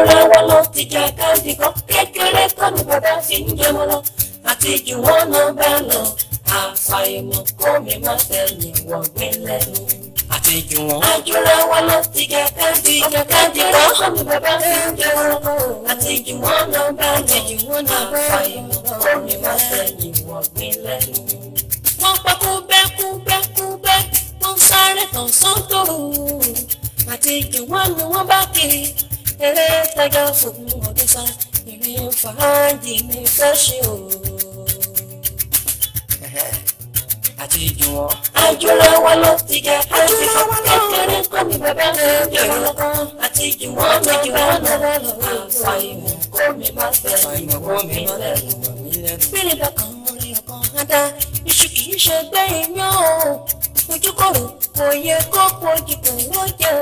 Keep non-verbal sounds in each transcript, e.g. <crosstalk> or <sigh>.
lọ́wọ́lọ́wọ́ ló ti jẹ káńdì kan kékeré kọ́nù bàbá fi ń jẹun lọ àti jù wọ́n náà bá lọ àfàìmọ̀ kó mi má tẹ̀lé wọ́n gbé lẹ́nu. àti jù wọ́n. àjùlọ́wọ́ ló ti jẹ káńdì jẹ káńdì kan kọ́nù bàbá fi ń jẹun lọ àti jù wọ́n náà bá lọ àfàìmọ̀ kó mi má tẹ̀lé wọ́n gbé lẹ́nu. wọ́n pa kúbẹ́ kúbẹ́ kúbẹ́ wọ́n sáré tàn sọ́tò àti jù wọ́n ni wọ́n bá kiri eré tájà fògùn ọdún sá ìrìn fàájì mi fẹ́ ṣe o. àti ìjùwọ̀n. àjùlọ wa ló ti jẹ àti fọwọ́ kékeré kọ́ mi bàbá ìjùwọ̀n lọ́kàn àti ìjùwọ̀n lọ́kàn lọ́wọ́ lọ́wọ́ àfa ìmọ̀ kó mi má fẹ́ ìmọ̀ kó mi má fẹ́ ìmọ̀ mi lẹ́nu. bílẹ̀ bàkàn iṣu kì í ṣe gbẹ̀yìn yán o ojú kò yẹ kó kojú kò wọ́n jẹ́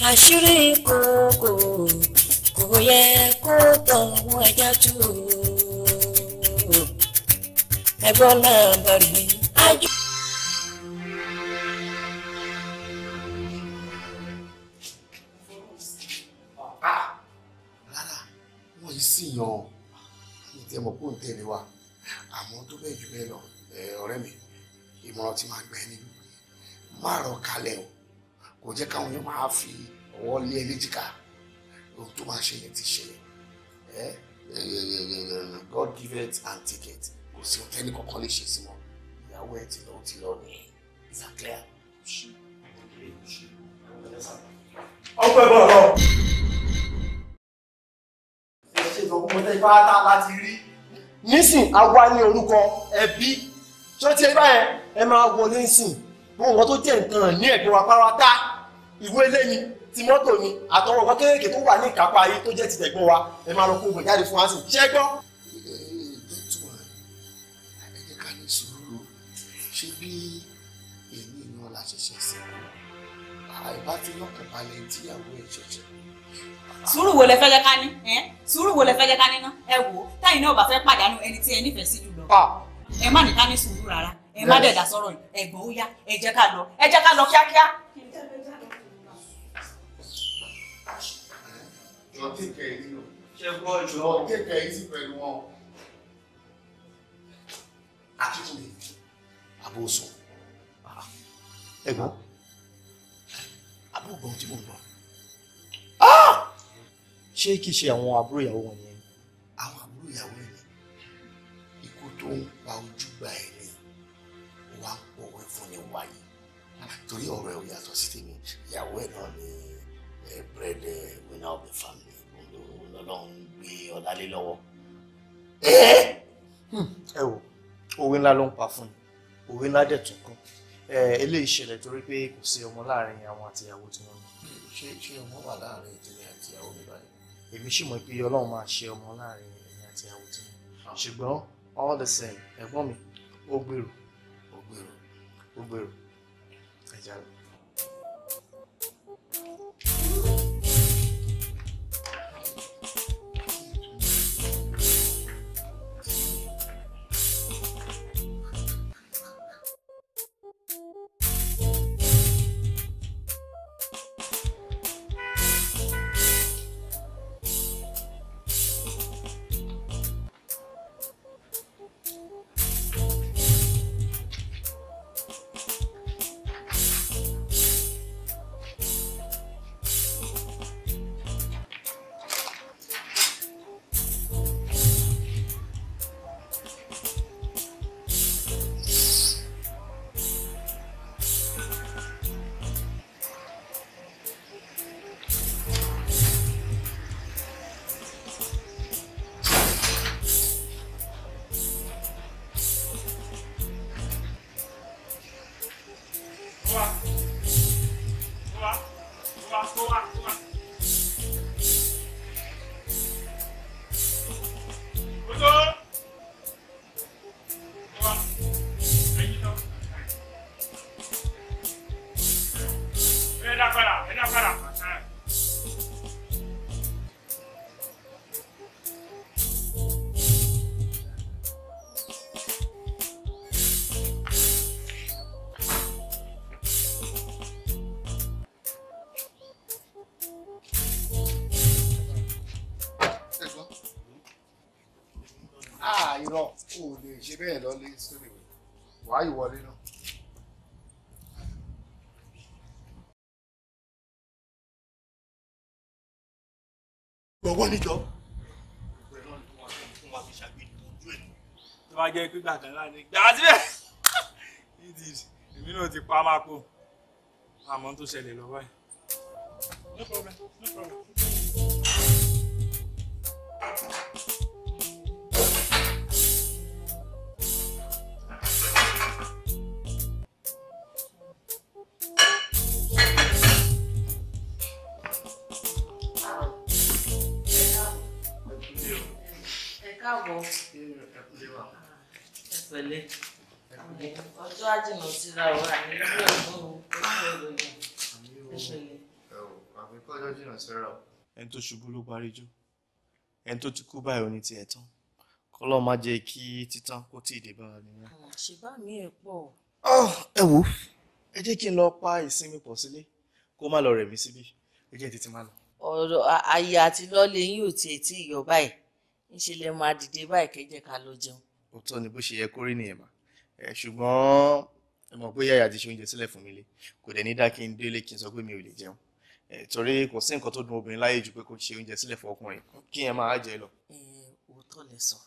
àṣírí kòkò kò yẹ kó tọ̀ wọ́n ẹja tú ẹgbọ́n náà bàrí ájú. síyàn ìtẹ̀mọ̀kú ìtẹ̀lé wa àmọ́ tó bẹ́ẹ̀ jù bẹ́ẹ̀ lọ ọ̀rẹ́ mi ìmọ̀ràn tí máa gbẹ́ ni má rọ̀ kalẹ̀ o kò jẹ́ káwọn yóò máa fi ọwọ́ lé ẹlẹ́jìká ohun tó máa ṣe yẹn ti ṣẹlẹ̀ ẹ́ God give it and take it kò sí ohun tẹ́ni kankan lè ṣe sí wọn ìyàwó ẹ̀ ti lọ ó ti lọ nìyẹn is that clear? ọpẹ́ bọ̀ lọ. ẹ ṣe ìdọ̀kúnmọ́tẹ́ ibà tá a láti rí. nísìn àwa ní orúkọ ẹbí tó ti ẹ báyẹn ẹ máa wọlé nísìn gbogbo nǹkan tó jẹ́ nǹkan ní ẹ̀gbọ́n wa pátá ìwé ilé mi ti mọ́tò mi àtọwọ́ ọkọ kéékèèké tó wà ní ìkápá ayé tó jẹ́ ti tẹ̀gbọ́n wa ẹ máa lọ kó oògùn jáde fún wa sí ṣẹ́ gbọ́. ṣé bí èyí náà la ṣẹ̀ṣẹ̀ sí àìbá tí lọ́kàn balẹ̀ tíyàwó ẹ̀ ṣẹ̀ṣẹ̀ sùúrù wo lẹ fẹ́ jẹ́ ká ní sùúrù wo lẹ fẹ́ jẹ́ ká ní ná ẹ wò ó táyì náà bá fẹ́ pàdánù ẹni tí ẹ nífẹ̀ẹ́ sí jùlọ ẹ má ní ká ní sùúrù rárá ẹ má dẹ̀dà sọ̀rọ̀ yìí ẹ̀gbọ́n ó yá ẹ jẹ́ ká lọ ẹ jẹ́ ká lọ kíákíá jọ take it easy ṣe gbọ́ jọ take it easy pẹ̀lú wọn. akíkúni abóso ẹ̀gbọ́n abóògbọn tí mo ń bọ̀ ah! ṣé kìí ṣe àwọn àbúrò ìyàwó wọn ni àwọn àbúrò ìyàwó ẹ̀ ikú tó ń pa ojú gba ẹ̀ ni wà ń pòwe fún ni wáyé torí ọ̀rọ̀ ẹ̀ ò yàtọ̀ sí tèmi ìyàwó ẹ̀ náà ni eh, bread eh, winner of the family. Ọlọ́run gbé ọ̀làlé lọ́wọ́. ẹ wò òwe ńlá ló ń pa fún mi òwe ńlá dẹ̀ tún kún eléyìí ṣẹlẹ̀ torí pé kò sí ọmọ láàrin àwọn àtìyàwó tí wọ́n ní. ṣé ṣé ọmọ wà láàrin ìdílé àtìyàwó mi báyìí. èmi sì mọ̀ pé Ọlọ́run máa ṣe ọmọ láàrin ẹ̀yìn àtìyàwó tí wọ́n ní. Ah. ṣùgbọ́n all the same ẹ̀gbọ́n mi ó gbèrò ó gbèrò ó gbèrò ẹ̀já lọ. ṣe bẹ́ẹ̀ lọ́lé sórí ìwé wàá ìwọlé náà. gbọ̀wọ́ níjọ. tó bá jẹ́ pípa kan láti gbà á síbẹ̀ èmi náà ti pa á máa kó àmọ́ tó ṣẹlẹ̀ lọ́wọ́ yìí. no problem no problem. káàbọ̀. ẹ pẹ̀lẹ́ ọjọ́ àjìnà síra wa ní ilé ọ̀gbọ́n o ó ṣe ìròyìn ẹ pẹ̀lẹ́. àfikún ọjọ́ jìnà síra o. ẹni tó ṣubú ló parí jù ẹni tó ti kú báyìí ò ní tiẹ̀ tán kọ́lọ́ má jẹ́ kí títán kó tí ì dé bá wa nìyẹn. ṣèbá mi ẹ̀ pọ̀. Ah, ẹ wò ẹ jẹ́ kí n lọ pa ìsinmi pọ̀ sílé kó má lọ rẹ̀ mí síbí ẹ jẹ́ tètè má lọ. ọ̀rọ̀ àyà àti lọ́ọ̀lẹ̀ yín ò tiẹ̀ tí ì yọ báyìí ńṣe lẹ máa dìde báyìí kẹjẹ ká lọ jẹun. ó tọ́ ni bó ṣe yẹ kó rí nìyẹn mà ẹ ṣùgbọ́n ẹ mọ̀ pé yàyà ti ṣe oúnjẹ sílẹ̀ fún mi lé kò dẹ̀ ní dá kí n délé kí n sọ pé mi ò lè jẹun ẹ torí kò sí nǹkan tó dùn obìnrin láyé ju pé kó ṣe oúnjẹ sílẹ̀ fún ọkùnrin kí yẹn máa jẹ lọ. ẹ òótọ́ lẹ sọ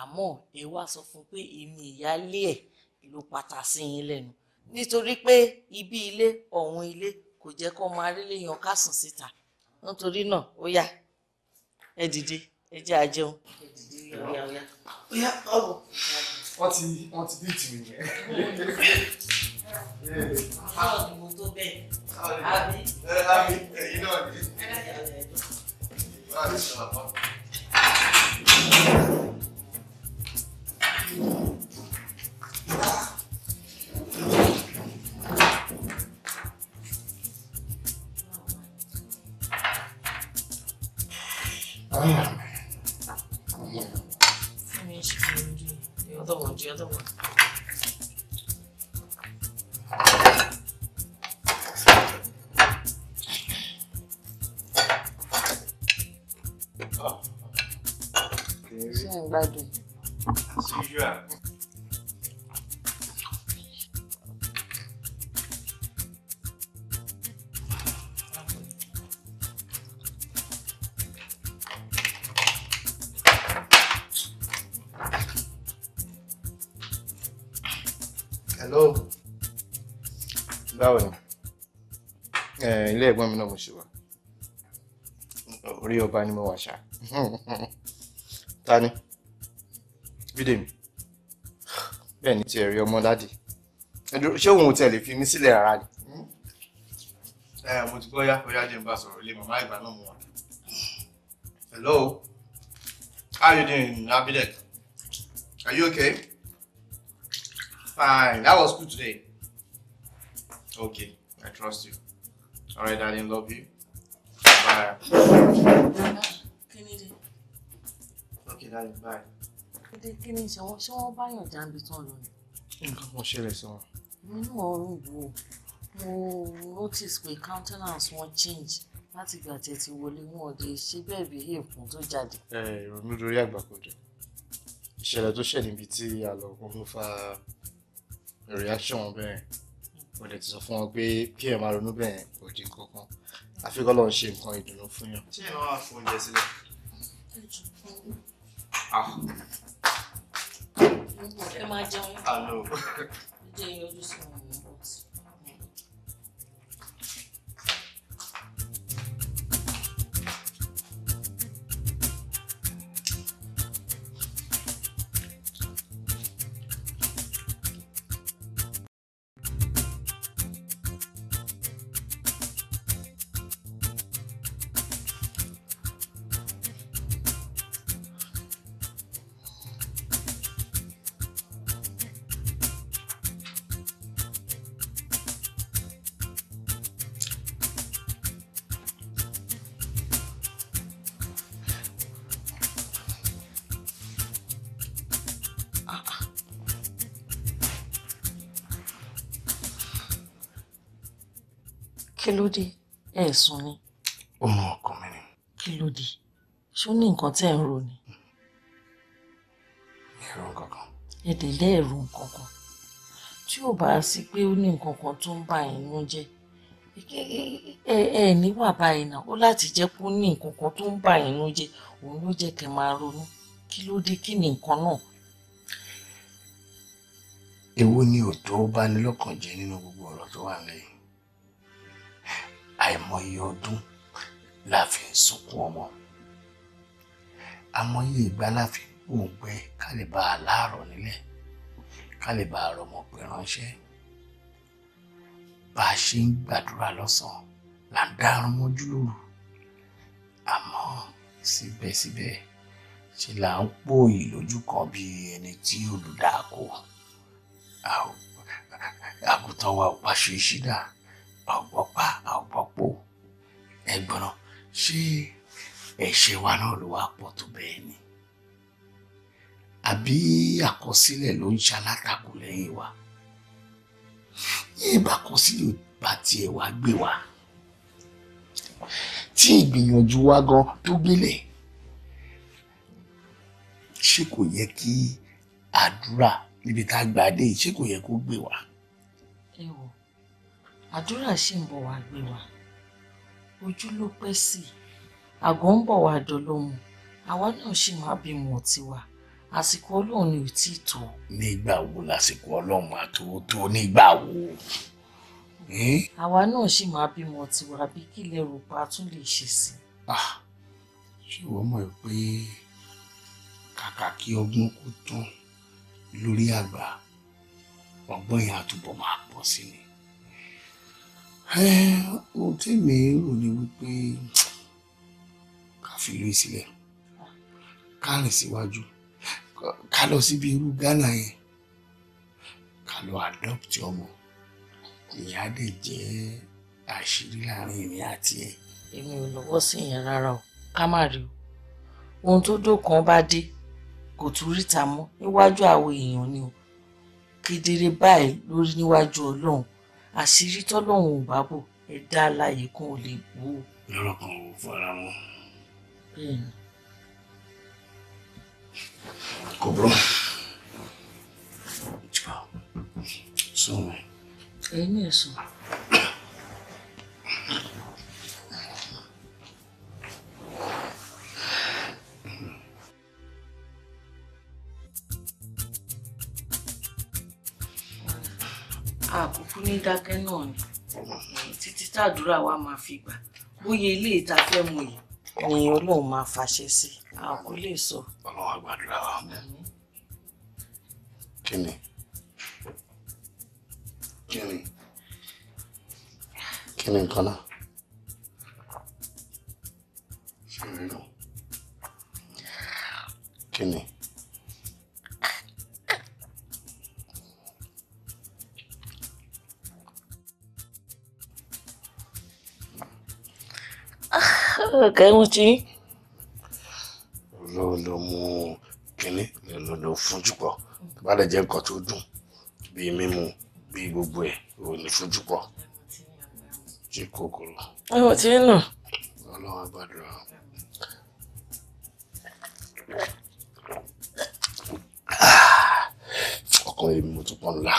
àmọ́ ẹ wá sọ fún pé èmi ìyáálé ẹ̀ ló pata sí yín lẹ́nu nítorí pé ibi ilé ọ̀hún ilé kò jẹ́ kó máa rí léèyàn ká síta nítorí náà ó yá ẹ dìde ẹ jẹ́ àjẹun. wọ́n ti wọ́n ti bíìtì mi yẹn. báwo ni mo tó bẹ́ẹ̀ àbí. àbí ẹ̀yin náà ni. báwo ni sọ̀rọ̀ bá. Ah. gbádùn. Hello. Báwo ni? Ilé ẹ̀gbọ́n mi náà mo ṣe wà. Orí ọba ni mo wà ṣá. <laughs> Ta fídè mi bẹ́ẹ̀ ni ti ẹ̀rí ọmọ dádì ṣé òun tẹ̀ lè fi mí sílẹ̀ ara ni. ẹ mo ti gbọ́ yá ọ̀yá jẹ́ n bá sọ̀rọ̀ ilé màmá ìgbà náà mo wà. hello how you doing Abidek are you okay fine that was good today okay I trust you all right daddy love you bye. okay daddy bye. Kíndé kí ni ṣe wọ́n ṣé wọ́n bá yàn jáde tán lọ ni? Nǹkan kan ṣẹlẹ̀ sí wọn. Mo náà rò wò mo notice pé countenance wọn change láti gbà tẹ̀ ti wọlé wọn ọ̀dẹ ṣé bẹ́ẹ̀ bí èèkùn tó jáde. Ẹ ìrònú lórí àgbàkodò. Ìṣẹ̀lẹ̀ tó ṣẹ̀ níbi tí a lọ kún ló fa reaction bẹ́ẹ̀. Mo dẹ̀ ti sọ fún wọn pé PM ronú bẹ́ẹ̀ kò dín kankan. Àfikọ́ lọ́n ṣe nǹkan ìdùnnú fún yàn. Ṣé ìwọ́n á fún oúnjẹ sílẹ̀? Ah. Kımacan. Alo. Ceyhun sùn ni. oorun ọkàn mi ni. kí ló dé ṣó ní nǹkan tẹ́ ń rò ni. mi ò rò nǹkan kan. ẹ̀dẹ̀ lẹ́ẹ̀rù nǹkan kan tí ò bá sí pé ó ní nǹkan kan tó ń bà yín nú jẹ́ ẹ ẹ níwà báyìí náà ó láti jẹ́ pé ní nǹkan kan tó ń bà yín jẹ́ òun ló jẹ́ kẹ́ máa ronú kí ló dé kí ni nǹkan náà. èwo ni òótọ́ bá ní lọ́kàn jẹ́ nínú gbogbo ọ̀rọ̀ tó wà lẹ́yìn àìmọye ọdún la fi ń sunkún ọmọ àmọye ìgbà la fi gbòǹgbẹ kálíbà aláàrọ nílẹ̀ kálíbà àrọmọpẹ ránṣẹ́ bá a ṣe ń gbàdúrà lọ́sàn-án là ń dárun mọ́jú lóru àmọ́ síbẹ̀síbẹ̀ ṣe là ń pòòyì lójú kan bí ẹni tí olùdáko àgùntàn wa ò bá ṣe ṣídà ọ̀pọ̀pá ọ̀pọ̀pọ̀ ẹ̀gbọ́n ṣé ẹ̀ṣẹ̀ wa náà ló wá pọ̀ tó bẹ́ẹ̀ ni àbí àkọsílẹ̀ ló ń ṣalátakò lẹ́yìn wa yìí bá kọsílẹ̀ bá tiẹ̀ wá gbé wa tí ìgbìyànjú wa gan tó gbélé ṣé kò yẹ kí àdúrà níbi tá a gbà dé ṣé kò yẹ kó gbé wa àdúrà ṣì ń bọ̀ wá gbé wa ojú ló pẹ́ sí i àgọ́ ń bọ̀ wá dọlóhun àwa náà ṣì máa bímọ tiwa àsìkò ọlọ́run ni ò tí ì tó. nígbà wo lásìkò ọlọ́run àtòótó nígbà wo. àwa náà ṣì máa bímọ tiwa bí kí ilẹ̀ rò tún lè ṣe sí. ṣé wọ́n mọ̀ pé kàkà kí ọgbọ́n kó tán lórí àgbà ọgbọ́n yẹn àtúbọ̀ máa pọ̀ sí ni ohun tèmi rò ni wípé ká fi ìlú sílẹ̀ ká rìn síwájú ká lọ síbi irú Ghana yẹn ká lọ adopt ọmọ ìyá dẹ̀ jẹ́ àṣírí láàrin èmi àti ẹ̀. èmi ò lọ́wọ́ sí yẹn rárá o ká má rí o ohun tó dókan bá dé kò tún ríta mọ́ níwájú àwọn èèyàn ni o kedere báyìí lórí níwájú Ọlọ́run àṣírí tọ́lọ́hún ò bá bò ẹ̀dá alààyè kan ò lè bò lọ́rọ̀ kan ò fara wọn. kò bọ́ jùlọ ẹ̀yin ẹ̀ sùn. àbò tún ní dákẹ́ náà ni títí tàdúrà wa máa fi gbà bóyá ilé ìta fẹ́ mu yìí ni ọlọ́run máa fàṣẹ sí a kò lè sọ. ọlọ́run á gbàdúrà wa kí ni kí ni kí ni nǹkan náà ṣe rí nù kẹ́hìntì lọ lọ mú kínní lọ lọ fúnjú pọ̀ bá lè jẹ́ nǹkan tó dùn bíi mímu bíi gbogbo ẹ̀ ò ní fúnjú pọ̀ jí kòkòrò. ẹ̀wọ̀ tí ń nà. ọlọ́run àgbàdúrà. Ah! ọkùnrin mi mo tún pọ̀ ńlá.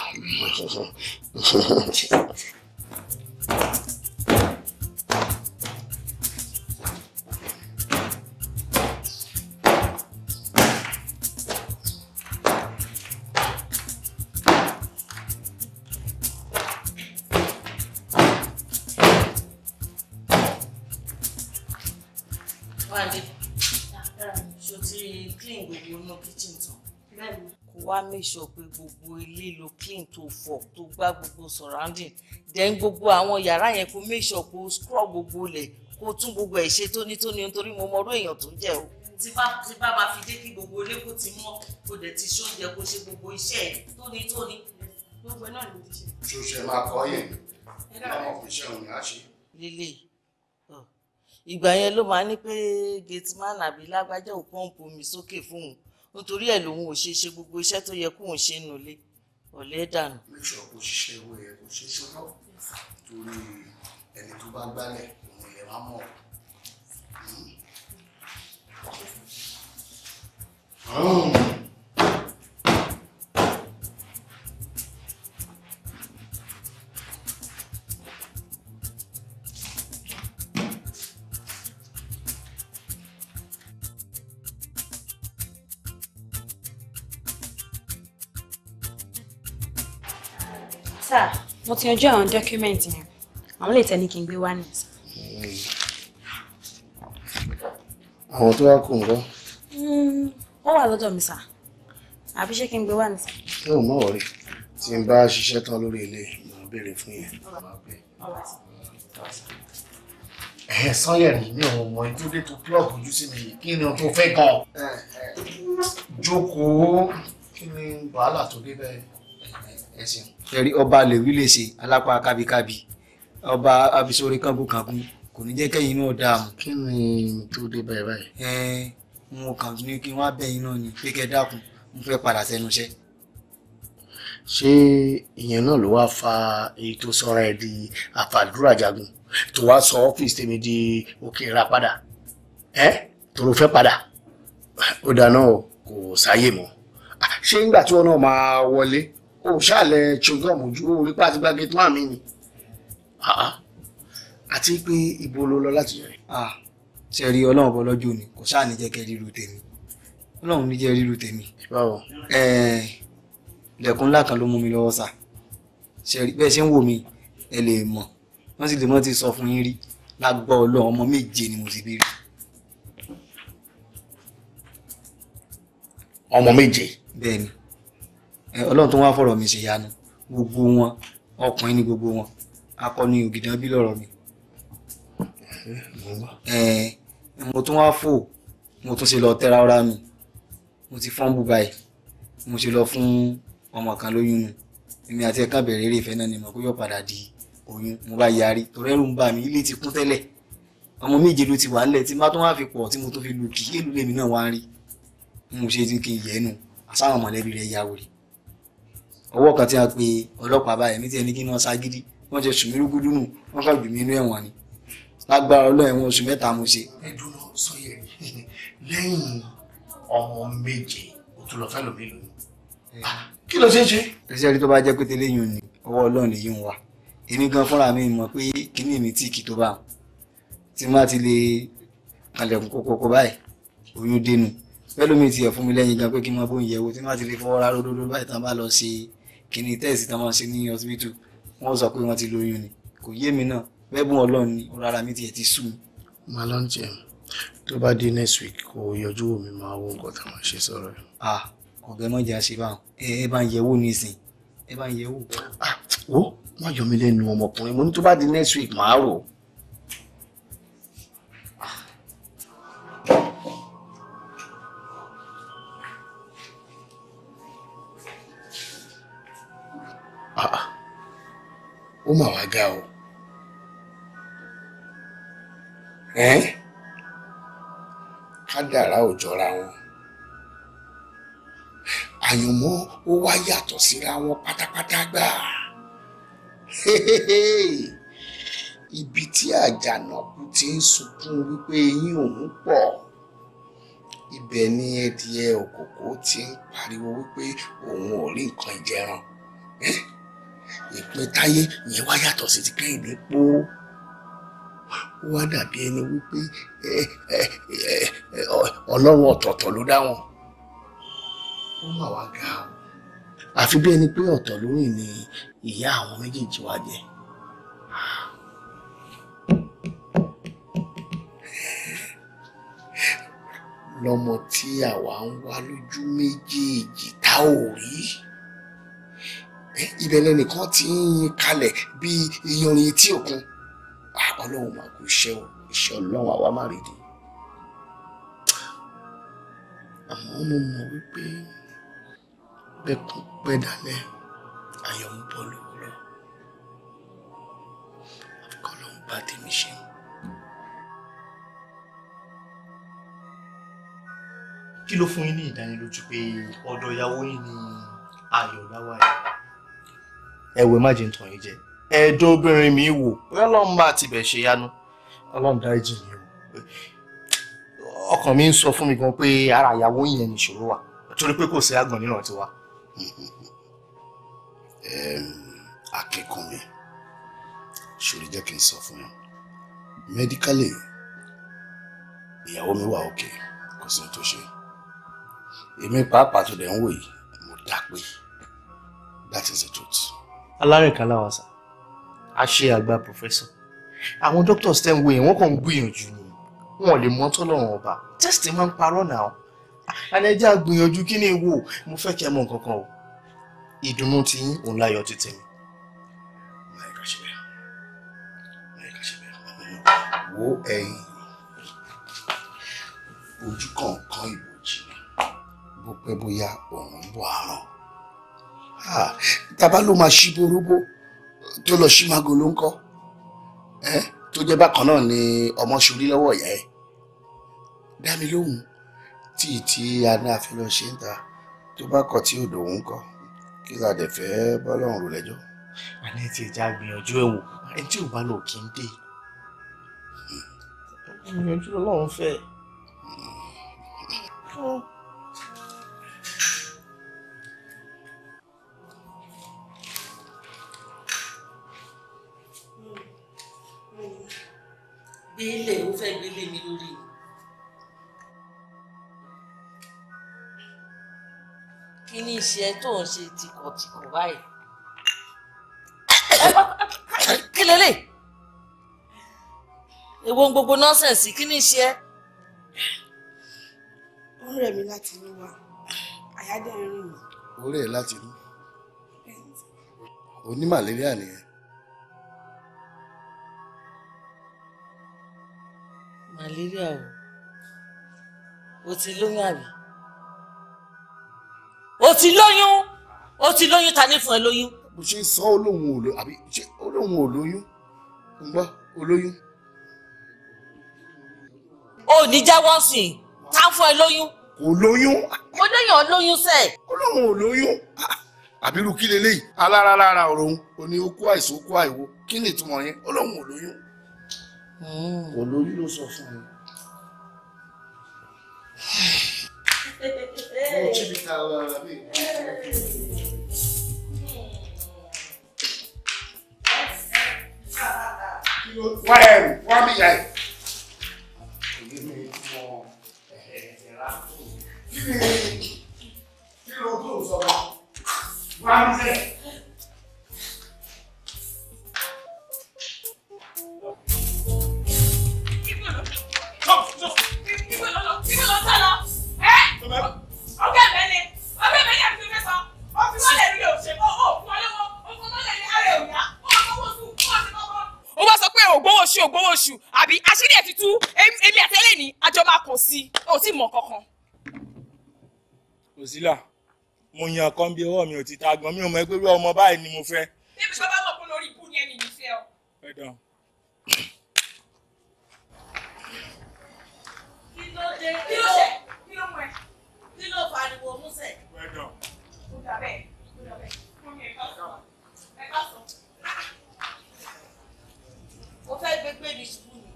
<laughs> make sure pé gbogbo ilé lo clean tó fọ̀ tó gbá gbogbo surrounding then gbogbo àwọn yàrá yẹn kó make sure kó scrub gbogbo lẹ̀ kó tún gbogbo ẹ̀ ṣe tónítóní nítorí mo mọ orú èèyàn tó ń jẹ́ o. tí bá tí bá máa fi dé kí gbogbo ilé kó ti mọ́ kó dẹ̀ ti ṣóúnjẹ kó ṣe gbogbo iṣẹ́ ẹ̀ tónítóní. gbogbo náà ló ti ṣe. ṣoṣẹ máa kọ yẹn lọmọ kò òun yà ṣe. lílé ìgbà yẹn ló máa ní pé gateman àbí lágbájá ò pọ́ǹpù mi sókè fóun nítorí ẹ̀ lòun ò ṣe ṣe gbogbo iṣẹ́ tó yẹ kóun ṣe nù lé ọ̀lẹ dànù. make sure kò ṣiṣẹ́ owó yẹ kò ṣe ṣọ́nà torí ẹni tó bá gbálẹ̀ òun yẹ wá mọ̀. Mm. mo ti yanjú àwọn dọ́kúmẹ́ǹtì yẹn àwọn lè tẹ́ ní kí n gbé wá ní ìsìn. àwọn tó wá kù ń bọ́. Hmm, wọ́n wà lọ́dọ̀ mi sà àbí ṣé kí n gbé wá ní ìsìn. ṣé o mọ̀ wọ́rí tí n bá ṣiṣẹ́ tán lórí ilé màá béèrè fún yẹn. ẹ sọyẹ mi mi ò mọ ojú dé tó plọọkù ojú sí mi kí ni o tó fẹ́ gan. jókòó kí ni wàhálà tó dé bẹ́ẹ̀ ẹ ṣeun ẹ̀rí ọba lèwí lè ṣe alápá kábíkábí ọba abisori kángunkangun kò ní jẹ́ kẹ́yìn náà dààmú. kí ni tó dé báyìí báyìí. ẹ wọn kàn ní kí wọn bẹyìn náà ni pé kẹ́ dákun mo fẹ́ padà sẹ́nu iṣẹ́. ṣé ìyẹn náà ló wáá fa èyí tó sọra ẹ di àfàdúrà jagun tó wáá sọ ọ́fíìsì tèmi di òkè ra padà ẹ tó ló fẹ́ padà ó dáná kò sáyè mọ́ ṣé nígbà tí wọn náà máa wọlé o ṣàlẹ̀ chewgum ojú o rí pa àti gba gate man mi ni ah, ah. àti pé ibo ló lọ láti yẹn. Ah, ṣe rí ọlọ́run bọ́ lọ́jọ́ òní kò sáà ní jẹ́ kẹ́ ríru tèmi ọlọ́run ní jẹ́ ríru tèmi. báwo. lẹ̀kùn ńlá kan ló mú mi lọ́wọ́ sà ṣe bẹ́ẹ̀ ṣe ń wò mí ẹ lè mọ̀ wọ́n sì lè mọ́ ti sọ fún yín rí lágbọ́ ọlọ́run ọmọ méje ni mo ti bí rí. ọmọ méje. bẹ́ẹ̀ni ọlọ́run tó wá fọ̀rọ̀ mi ṣèyanu gbogbo wọn ọkùnrin ni gbogbo wọn akọni ògìdán bí lọ́rọ̀ mi mo tún wá fò mo tún ṣe lọ tẹ́ra ọ̀rá mi mo ti fọ́n bùbáyì mo ṣe lọ fún ọmọ kan lóyún nu èmi àti ẹ̀ka bẹ̀rẹ̀ eré ìfẹ́ náà ni mo kó yọ padà di oyún mo bá yarí torí ẹ̀rù ń bà mí ilé ti kún tẹ́lẹ̀ ọmọ méje ló ti wà ńlẹ̀ tí má tún wá fi pọ̀ tí mo tún fi lu kì èlú lèmi náà wá rí mo ṣe ti kí n yẹ àsáwọn mọ̀lẹ́bí rẹ̀ yá wòlé ọwọ́ kan tí a pe ọlọ́pàá báyìí ní tí ẹni kí náà ságídí wọ́n ṣe sùn mí rúgúdú wọ́n kàn jù inú ẹ̀wọ̀n ni lágbára ọlọ́run ẹ̀wọ̀n oṣù mẹ́ta mo ṣe. ẹ dúró sọyẹ lẹ́yìn ọmọ méje òtúlọfẹ lómi lómi kí ló ṣe ń ṣe. ẹsẹ̀ rí tó bá jẹ́ pé tẹ́lẹ̀ yùn ni ọwọ́ ọlọ́run lè yún wa èmi gan fúnra mi mọ̀ pé kíní mi tí kì tó bá tí má ti lè kalẹ̀kùn kókókó báyìí oyún dénú pẹ́lú mi ti ẹ̀ fún mi lẹ́yìn gan pé kí n má bóun yẹ̀wò tí má ti lè fọwọ́ rárá lódódó báyìí tán bá lọ sí i kìíní tẹ́ẹ̀sì tá máa ń ṣe ní hospital wọ́n sọ pé wọ́n ti lóyún ni kò yé mi náà bẹ́ẹ̀bùn ọlọ́run ni ọ̀rọ̀ ara mi tiẹ̀ ti sú mi. máa lọ jẹ tó bá dé next week kò yọjú wò mí máa wo nǹkan táwọn ṣe sọ̀rọ̀ yìí. ah ọ̀gá mọ̀jẹ àṣebà ẹ ẹ bá ń yẹ̀wò nísìn ẹ bá ń yẹ̀wò. ah wo wọn yọ mí lẹ́nu ọmọkùnrin mo ní tó bá dé next week máa rò ó mà wá ga o. Eh? kádàrá ò jọra wọn àyànmọ́ ó wá yàtọ̀ síra wọn pátápátá gbà <laughs> ibi tí àjànàkú ti ń sunkún wípé eyín òun pọ̀ ibẹ̀ ni ẹdìẹ òkòkò ti ń pariwo wípé òun ò rí nǹkan ìjẹran. Eh? ìpín táyé yẹn wá yàtọ̀ sí ti kẹ́hìndé pó ó wá dàbí ẹni wípé ọlọ́run ọ̀tọ̀ọ̀tọ̀ ló dá wọn ó mà wá ga o àfi bí ẹni pé ọ̀tọ̀ ló rìn ní ìyá àwọn méjèèjì wá jẹ. lọ́mọ tí àwa ń wá lójú méjèèjì tá ò rí ibẹ̀ lẹ́nìkan ti ń yin kalẹ̀ bíi iyanrìn etí òkun ọlọ́run máa kú iṣẹ́ o iṣẹ́ ọlọ́run àwa má rèé dé àmọ́ mo mọ̀ wípé bẹ́kún pẹ́ dalẹ̀ ayọ̀ ń bọ̀ lówùrọ̀ àfikọ́ ló ń bá tèmi ṣe. kí ló fún yín ní ìdánilójú pé ọ̀dọ̀ ìyàwó yín ni ayọ̀ láwàá ẹ̀wẹ̀ má jẹ́ ń tàn yín jẹ ẹ̀ẹ́dọ́ obìnrin mi wò ọlọ́run bá tibẹ̀ ṣe yanu ọlọ́run dáríjì mi o ọkàn mi ń sọ fún mi gan pé ara ìyàwó yẹn ni ìṣòro wà torí pé kò sí àgbọ̀n nínú ọtí wa. akẹ́kọ̀ọ́ mi ṣòro jẹ́ kí n sọ fún yín mẹ́díkálì ìyàwó mi wà òkè kò sí ohun tó ṣe èmi pàápàá tó dẹ̀ ń wò yìí mo dá pé that is the truth alárìnká láwa sà á ṣe àgbà pòfẹ́sọ̀ àwọn doctors tẹ́ ń wo yẹn wọ́n kàn ń gbìyànjú ni wọn ò lè mọ tọ́lọ́run ọba test máa ń parọ́ náà ah, anájà gbìyànjú kí ni wò mo fẹ́ kí ẹ mọ nǹkan kan o ìdùnnú ti yín òun láyọ̀ ti tèmi. wo ẹ̀yin ojú kọ̀ọ̀kan ìbòjì bó pẹ́ bóyá òun bọ̀ àárọ̀. Ah, tábà ló máa ṣí borúbó tó lọ ṣí mago ló ń kọ́ tó jẹ́ bákan náà ni ọmọ ṣorí lọ́wọ́ ìyá ẹ̀ dá mi lóhùn tí tí adé àfihàn ṣe ń ta tó bá kọ̀ tí òdò òun kọ́ kí la dẹ̀ fẹ́ bọ́lọ́run rò lẹ́jọ́. àní ti ìjà gbìyànjú ẹ̀wọ̀n ẹni tí ò bá lò kí n dé. gbìyànjú ọlọ́run fẹ́. Hmm. fún gbélé ó fẹ́ gbélé mi lórí mi. kí ni iṣẹ́ tó ń ṣe tìkọ̀tìkọ̀ báyìí? kí lélẹ̀? èwo ń gbogbo nọ́sẹ̀nsì kí ni iṣẹ́? ó rẹ̀ mí láti inú wa àyájọ́ rẹ̀ rìn mí. ó láti inú onímàlẹ́ríà nìyẹn. malaria o o ti lóyún àbí o ti lóyún o ti lóyún ta ní fún ẹ lóyún. mo ṣe ń sọ olóhùn ò lóyún àbí ṣe olóhùn ò lóyún ń gbọ́ olóyún. o ní jẹ́wọ́ sí i ta fún ẹ lóyún. kò lóyún. mo lóyún olóyún sẹ́ẹ̀. olóhùn ò lóyún àbírú kí leléyìí alára lára òròhún òní okú àìsàn okú àìwo kí ni ìtumọ̀ yẹn olóhùn ò lóyún kò hmm. ló sọ fún mi. mo chibi ta ara mi. wá ẹrù wá mi yá ẹ. kí ni kí ló tó sọ wá mi sẹ́yìn. oṣù ògbówó oṣù àbí àṣírí ẹ̀ titú èmi àtẹ́lẹ̀ ní àjọ máa kò sí ò tí mọ̀ kankan. òsílà mo yan kan bí ọwọ́ mi ò ti ta gan mi ò mọ ẹgbẹ́ ọmọ báyìí ni mo fẹ́. bébí sọ́ba mọ̀ pé lórí ibú ni ẹni nífẹ̀ẹ́ ọ. kí ló dé kí ló ṣe kí ló mọ ẹ kí ló pariwo músẹ. ẹ dán. bẹ́ẹ̀. fẹ́ gbé pé ní sùkúù ni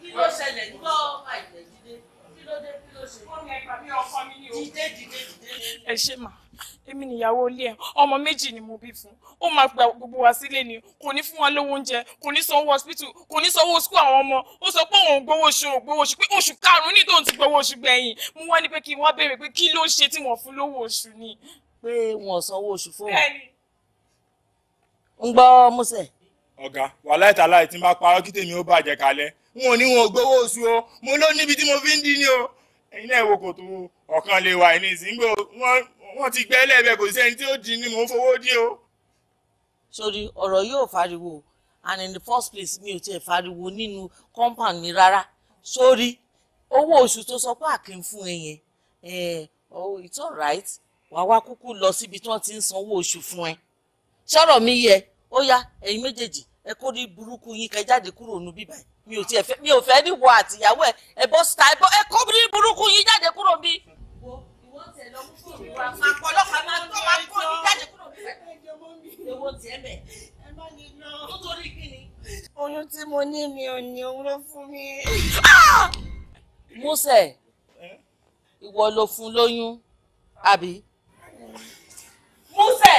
kí ló ṣẹlẹ̀ kí ló máa ìlẹ̀ kí ló dé kí ló ṣe. dídé dídé dídé. ẹ ṣe mà èmi nìyàwó ilé ẹ ọmọ méjì ni mo bí fún ó máa gba gbogbo wa sílé ni kò ní fún wa lówó oúnjẹ kò ní sanwó hospital kò ní sanwó school àwọn ọmọ ó sọ pé òun gbowó oṣù òun gbowó oṣù pé oṣù karùnún ní tóun ti gbowó oṣù gbẹ̀yìn mo wá ní pé kí n wá béèrè pé kí ló ṣe tí wọ́n fún lówó oṣù ni. pé wọn sanwó oṣù fún wọn. ń gbọ́ mọ́sẹ̀ ọ̀gá wàhálà ìta láì tí n bá parọ́ kí tèmi ó bàjẹ́ kalẹ̀ n ò ní wọn gbowó oṣù o mo ló níbi tí mo fi ń dín ní o ẹ̀yin náà wo kòtò ọ̀kan lè wà ní ìsìngbò wọ́n ti gbẹ́ lẹ́ẹ̀bẹ̀ kò sẹ́ni tí ó dín ní mo fowó dín o. sórí ọ̀rọ̀ yóò fariwo and in the first place mi ò tiẹ̀ fariwo nínú compound mi rárá sórí owó oṣù tó sọ pé àkín fún ẹ yẹn eh, oh it's all right wàá wá kúkú lọ síbi tí wọ́n ti ń sanwó oṣù fún ẹ ṣọ́rọ̀ mi yẹ ó yá ẹ̀yin méjèèjì ẹ kó rí burúkú yín kẹ jáde kúrò nù bíbá mi ò tiẹ̀ fẹ́ mi ò fẹ́ ní wọ àtìyàwó ẹ ẹ bọ́ síta ẹ bọ́ ẹ kó rí burúkú yín jáde kúrò bí. oyún tí mo ní mi ò ní òun fún mi. Ah! Mósè ìwọ ló fún lóyún àbí. Mósè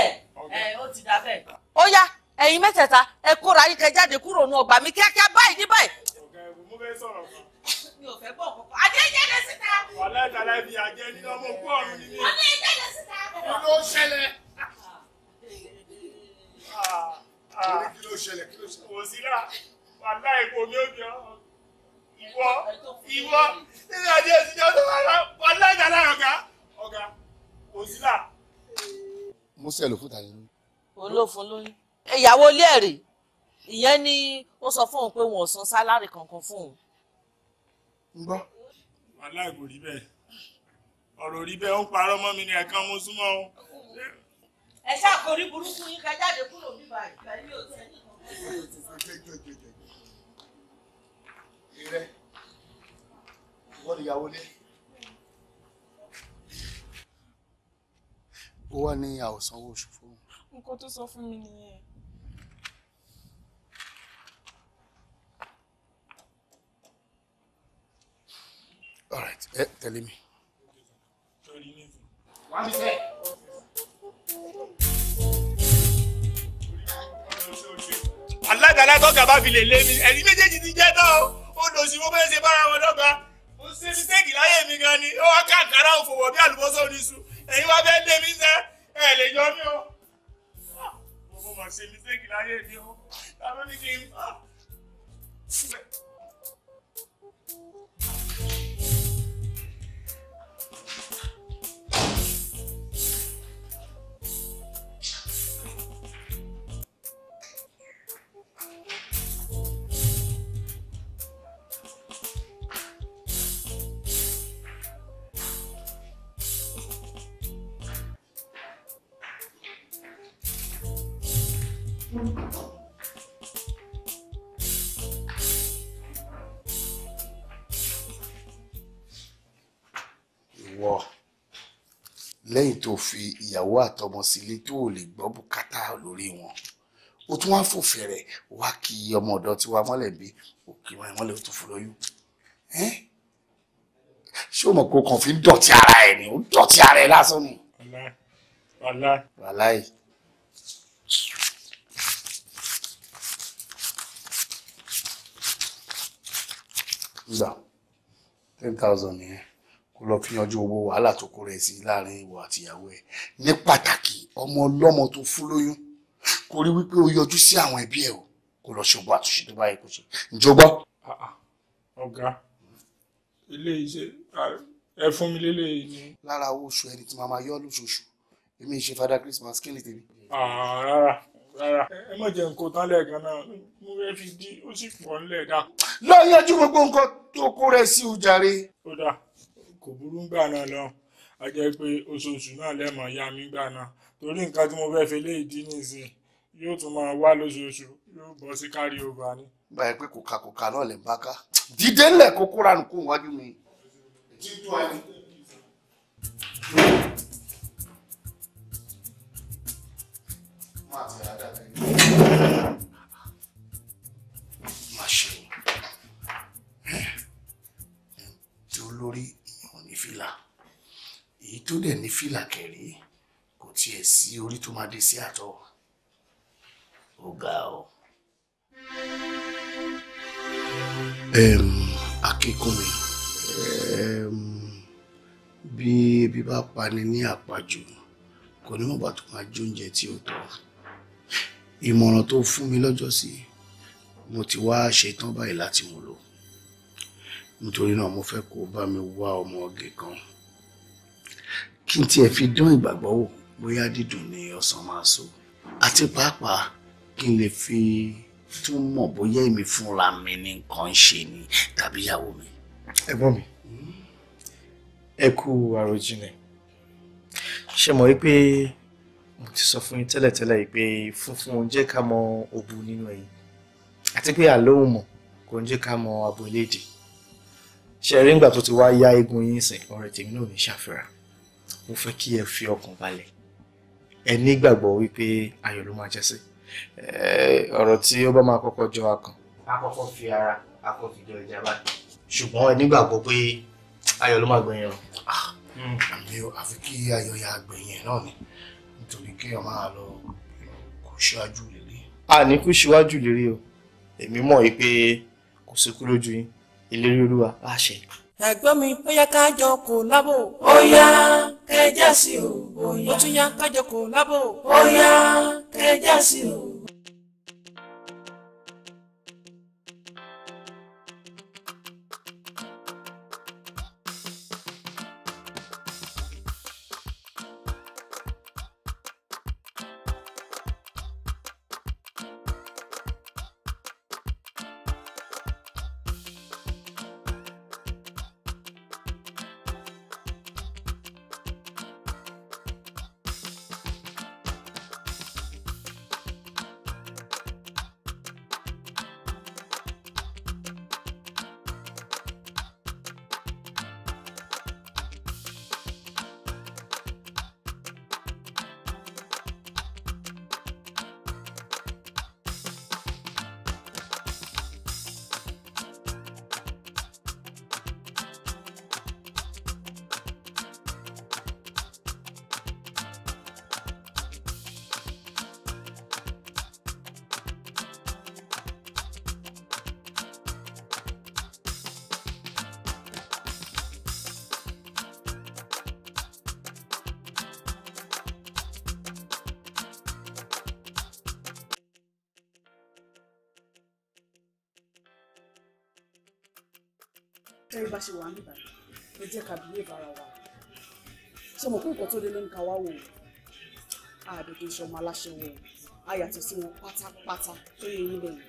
ẹ ó ti dá bẹ́ẹ̀. ó yá ẹ̀yin mẹ́tẹ̀ẹ̀ta ẹ kóra yín kẹ jáde kúrò ní ọgbà mi kíákíá báyìí ní báyìí. ọ̀gá ẹ̀wò mo fẹ́ sọ̀rọ̀ kan. mi ò fẹ́ bọ̀ kọ́kọ́ adé jẹ́lẹ̀ síta. ọ̀lẹ́ ìtàlẹ́ ibi àjẹ nínú ọmọ òkú ọ̀run ni mi. adé jẹ́lẹ̀ síta. kí ló ṣẹlẹ̀? Ah, ah. kí ló ṣẹlẹ̀ kí ló ṣẹlẹ̀? kò sí náà wàhálà ìbò mi ò bí ọ ìwọ ìwọ nínú adé ìsinmi ọdún wàhálà wàhálà ìtàlẹ́ ọ̀gá sẹ́ ló fún tàyẹ̀ ní. olófun lóyún ìyàwó ilé ẹ̀rì ìyẹn ni ó sọ fún òun pé wọn ò san sálárì kankan fún òun. ń gbọ́. aláìkò rí bẹ́ẹ̀ ọ̀rọ̀ rí bẹ́ẹ̀ ó parọ́ mọ́ mi ni ẹ̀kan mo súnmọ́ o. ẹ ṣáà kò rí burúkú yín ká jáde kúrò bíbá ìgbà yìí ò tẹ́ Ìrẹ́, wọ́n ni ìyàwó lé. Ó wà ní àwòsàn owó oṣù fún. Nǹkan tó sọ fún mi nìyẹn. all right ẹ eh, tẹ̀lé mi. wàá bí sẹ́ẹ̀. alágàlá tọ́ka bá fi lè lé mi ẹ̀rí méjèèjì ti jẹ́ tán o ó lọ sí gbogbo ẹsẹ̀ bára wọn dọ́gba ó ṣe mistake láyé mi gan ni ó wá kàkàrà òfòwò bí àlùbọ́sọ̀ oníṣu ẹ̀yin wá bẹ́ẹ̀ lé mi sẹ́ ẹ̀ lè yọ mí o ah, mo mọ̀ ṣe mistake láyé mi o ta ló ní kí n. Ah! lẹ́yìn tó fi ìyàwó àtọmọ sílé tó ò lè gbọ́ bùkátà lórí wọn ó tún wá fòfin rẹ̀ wá kí ọmọ ọ̀dọ́ tí wá mọ́lẹ̀ bí òkè wọn ìmọ́lẹ̀ tó fún lóyún ṣé o mọ̀ pé kàn fi ń dọ̀tí ara ẹ̀ ni ó ń dọ̀tí ara ẹ̀ lásán ni. wàláì. gbà ten thousand nìyẹn kó lọ fi yanjú gbogbo wàhálà tó kó rẹ̀ sí láàrin ìwọ àti ìyàwó ẹ̀ ní pàtàkì ọmọ ọlọ́mọ tó fún lóyún kó rí wípé ó yọjú sí àwọn ẹbí ẹ̀ o kó lọ ṣògbọ́n àtúnṣe tó bá yẹ kó ṣe ǹjọ́ gbọ́. Ah, ah. ọ̀gá ilé iṣẹ́ ẹ fún mi lélẹ̀ ni. lára owó oṣù ẹni tí màmá yọ lóṣooṣù èmi ìṣe fada Christmas kí ni tèmi. Ah, rárá rárá ẹ má jẹ nǹkan tán lẹ́ẹ̀kan náà mo fẹ́ fi di ó sì pọ̀ ńlẹ̀ dá. lọ yanjú gbogbo nǹkan tó kó rẹ sí ojàre. ó dáa kò burú gbà náà lọ a jẹ́ pé oṣooṣù náà lẹ́mọ̀ ya mi gbà náà torí nǹkan tí mo fẹ́ fi lé ìdí nìsín yóò tún máa wá lóṣooṣù yóò bọ́ sí kárí ògbà ni. báyìí pé kòkà kòkà náà lè bá ká dídé ńlẹ̀ kó kóra nù kó wájú mi. Máa ti tó dẹ̀ ní fìlà kẹ̀rí kò tiẹ̀ sí orí tó máa dé sí àtọ̀ ó ga ọ. akínkúnmi bí ebi bá pani ní àpajù kò ní mọ̀gbà tó máa jóúnjẹ tí ó tọ́ ìmọ̀ràn tó fún mi lọ́jọ́ mo ti wá ṣetán báyìí láti mú lò nítorí náà mo fẹ́ kó bá mi wá ọmọge kan kí n tiẹ̀ fi dán ìgbàgbọ́ wò bóyá dídùn ni ọsàn máa so àti pàápàá kí n lè fi tún mọ̀ bóyá èmi fúnra mi ní nǹkan ń ṣe ni tàbí ìyàwó mi. ẹ̀gbọ́n mi ẹ kú àròjinlẹ̀ ṣe mọ̀ wípé mo ti sọ fún yín tẹ́lẹ̀tẹ́lẹ̀ yìí pé funfun ń jẹ́ ká mọ òbu nínú ẹ̀yìn àti pé àlóhùn mọ̀ kò ń jẹ́ ká mọ abo elédè ṣe rí ńgbà tó ti wá yá eegun yín sìn ọ̀rẹ́ tèmi náà ní ṣàfihàn mo fẹ́ kí ẹ fi ọkàn balẹ̀ ẹ nígbàgbọ́ wípé ayọ̀ ló máa jẹ́ sí ọ̀rọ̀ tí ó bá máa kọ́kọ́ jọ akàn. a kọ́kọ́ fi ara a kọ́ fi jọ ìjàmbá ṣùgbọ́n ẹ nígbàgbọ́ pé ayọ̀ ló máa gbẹ̀yìn o. Ah, hmm. àmì o àfi kí ayọ̀ ya gbẹ̀yìn náà ni nítorí kí ọmọ àá lọ kó ṣíwájú lérí. a ní kó ṣíwájú lérí o èmi mọ̀ wípé kò sí kú lójú yín ìlérí olúwa láṣẹ ẹ̀gbọ́n mi ó yẹ kò lábò. ó yá kẹjá sí o. ó tún yá ká kò lábò. ó yá kẹjá sí o. ṣe wà níbà ẹ jẹ́ ká bìlẹ̀ ìbára wa ṣe mọ̀ pé nǹkan tó délé ń ka wá wò àdèkè ìṣọmọ aláṣẹ wò a yàtọ̀ sí wọn pátápátá tó yẹ yín lẹ́yìn.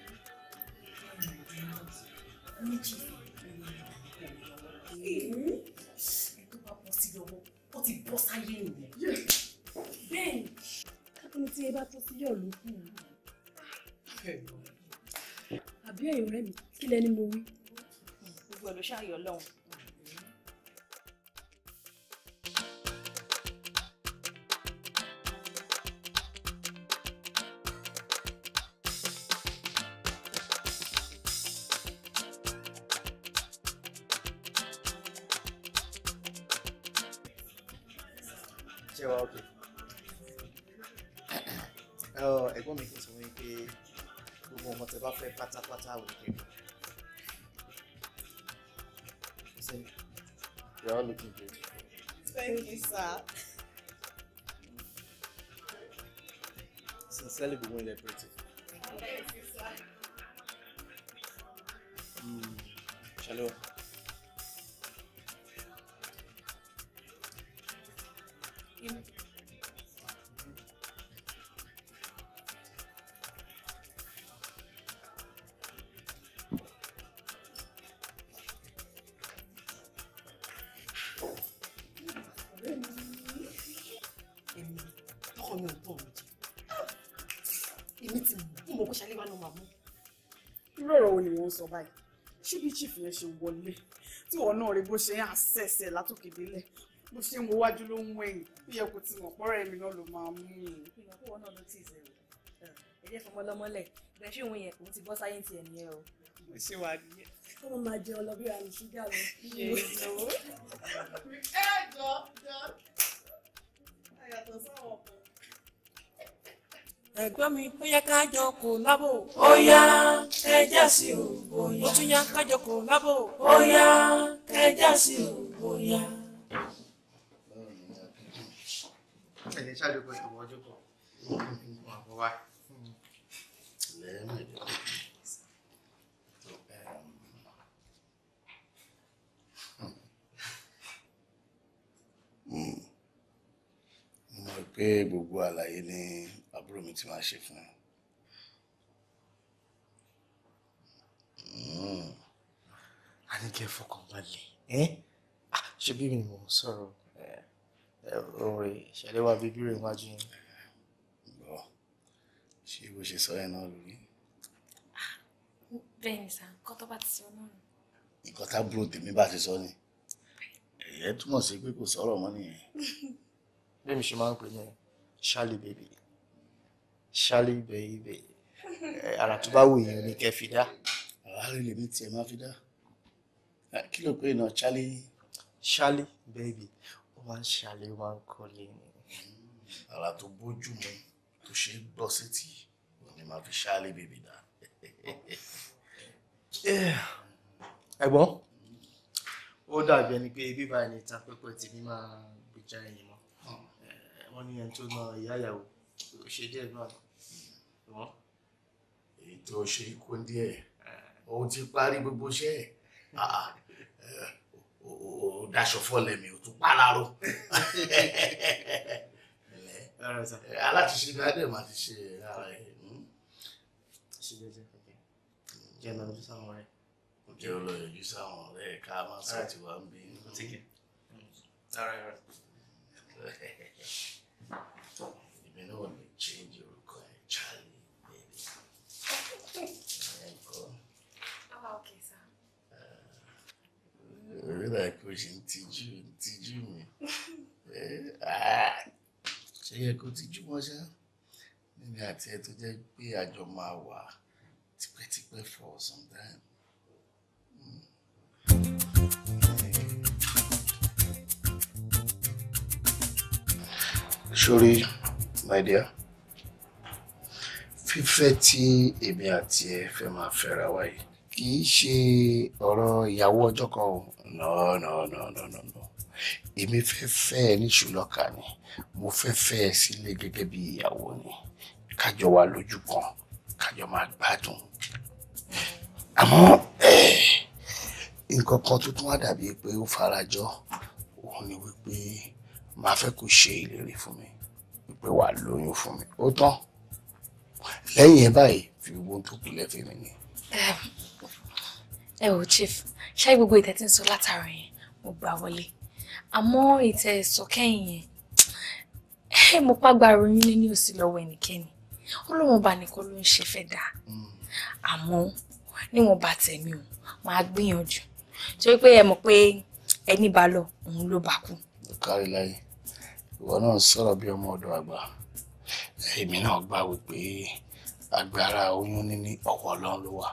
Thank you, sir. Sincerely, be more interpretive. Thank you, sir. Mm. Shalom. báyìí ṣé bí chief yẹn ṣe wọlé tí wọn náà rí bó ṣe ń àṣẹṣẹ látòkè délẹ̀ bó ṣe ń wo ló ń wẹ̀yìn bí ẹ kò ti mọ̀ pọ́rọ̀ ẹ̀mí náà ló máa mú un. ìpinnu náà ló tì í sẹ́yìn ẹ̀jẹ̀ fọmọlọmọlẹ̀ bẹ́ẹ̀ ṣé òun yẹn òun ti bọ́ sáyé tiẹ̀ nìyẹn o. mo ṣe wà nìyẹn. ó máa jẹ ọlọ́bí ra ní ṣúgà mi. ẹ jọ. ẹ̀gbọ́n mi ó yẹ ká jọ kò lábò. ó yá ẹ já sí o bóyá. ó tún yá ká jọ kò lábò. ó yá ẹ já sí o bóyá. ẹni ṣáájú pé ìwọ mo mọ̀ pé gbogbo àlàyé ni àbúrò mi ti wá ṣe fún ẹ. Hmm. a ní kí ẹ fọkàn balẹ̀ ẹ́ ṣé bí mi mò ń sọ̀rọ̀ òwe ìṣẹ̀lẹ̀ wa bíbí rẹ̀ wájú yín. gbọ́ ṣé bó ṣe sọ ẹ̀ náà lórí. bẹ́ẹ̀ ni sà nǹkan tó bá ti sọ náà. nǹkan tábúrò tèmi bá ti sọ ni ẹ̀yẹ́ túmọ̀ sí pé kò sọ̀rọ̀ mọ́ nìyẹn. <laughs> bí mi ṣe máa ń pè ní Charlie baby ṣálí ibẹ̀ ibẹ̀ ara tó bá wù yín ní kẹ́ fi dá. àwárí lèmi tiẹ̀ máa fi dá kí ló pé iná ṣálí. ṣálí bẹ́ẹ̀bì ó máa ń ṣálí ó máa ń kọ́lé ni. ara hmm, tó bójú mu tó ṣe é gbọ́ sétí ni màá fi ṣálí bèbè dá. Eh, ẹ̀gbọ́n ó dàbí ẹni pé bíbá ẹni ta pẹ́pẹ́ tèmi máa gbèjà ẹ̀yìn mọ́ hmm. eh, wọ́n ní ẹni tó na ìyá ìyàwó o ṣe díẹ̀ náà ṣùgbọ́n. èyí tó ṣe kó díẹ̀ òun ti parí gbogbo iṣẹ́ ẹ̀ ah, ò ah. daṣọ fọlẹ̀ mi ò tún páráró aláṣiṣe eh, ni adé máa ti ṣe ara ẹ̀. Hmm? jẹ́ ọ̀nà ojú sáwọn ọ̀rẹ́. jẹ́ ọ̀nà ojú sáwọn ọ̀rẹ́ ká máa sọ wá ń bí. Take it. All <laughs> bó ṣe ń tijú ń tijú mi <laughs> ah, ṣe yẹ kó tijú mọ́ ṣá níbi àti ẹ tó jẹ́ pé àjọ máa wà tipẹ́tipẹ́ for some time. Mm. Sorry, my dear fífẹ́ tí èmi àti ẹ fẹ́ máa fẹ́ra wa yìí kì í ṣe ọ̀rọ̀ ìyàwó ọjọ́ kan no no no no no no èmi fẹ́ fẹ́ ẹ níṣu lọ́kàn ni mo fẹ́ fẹ́ ẹ sílé gẹ́gẹ́ bí ìyàwó ni kájọ wa lójú kan kájọ máa gbádùn àmọ́ nǹkan kan tó tún wá dàbí pé ó farajọ òun ni wípé màá fẹ́ kó ṣe ìlérí fún mi wípé wà lóyún fún mi ó tán lẹ́yìn ẹ̀ báyìí fi owó tó kù lẹ́fẹ̀ẹ́ mi ni. ẹ ò chief ṣé gbogbo ìtẹ́ tí ń sọ látara yẹn mo gbà wọlé àmọ́ ìtẹ́ sọ kẹ́yìn yẹn ẹ mo pàgbà ròyìn lé ní òsì lọ́wọ́ ẹnikẹ́ni ọlọ́wọ́n bá nìkan ló ń ṣe fẹ́ dáa àmọ́ níwọ̀n bá tẹ̀mí o máa gbìyànjú tí ó pé ẹ mọ̀ pé ẹni bá lọ òun ló bá kú. kárí láyé ìwọ náà sọ̀rọ̀ bí ọmọ ọ̀dọ̀ àgbà èmi náà gbà wípé agbára oyún níní ọwọ́ ọlọ́run ló wà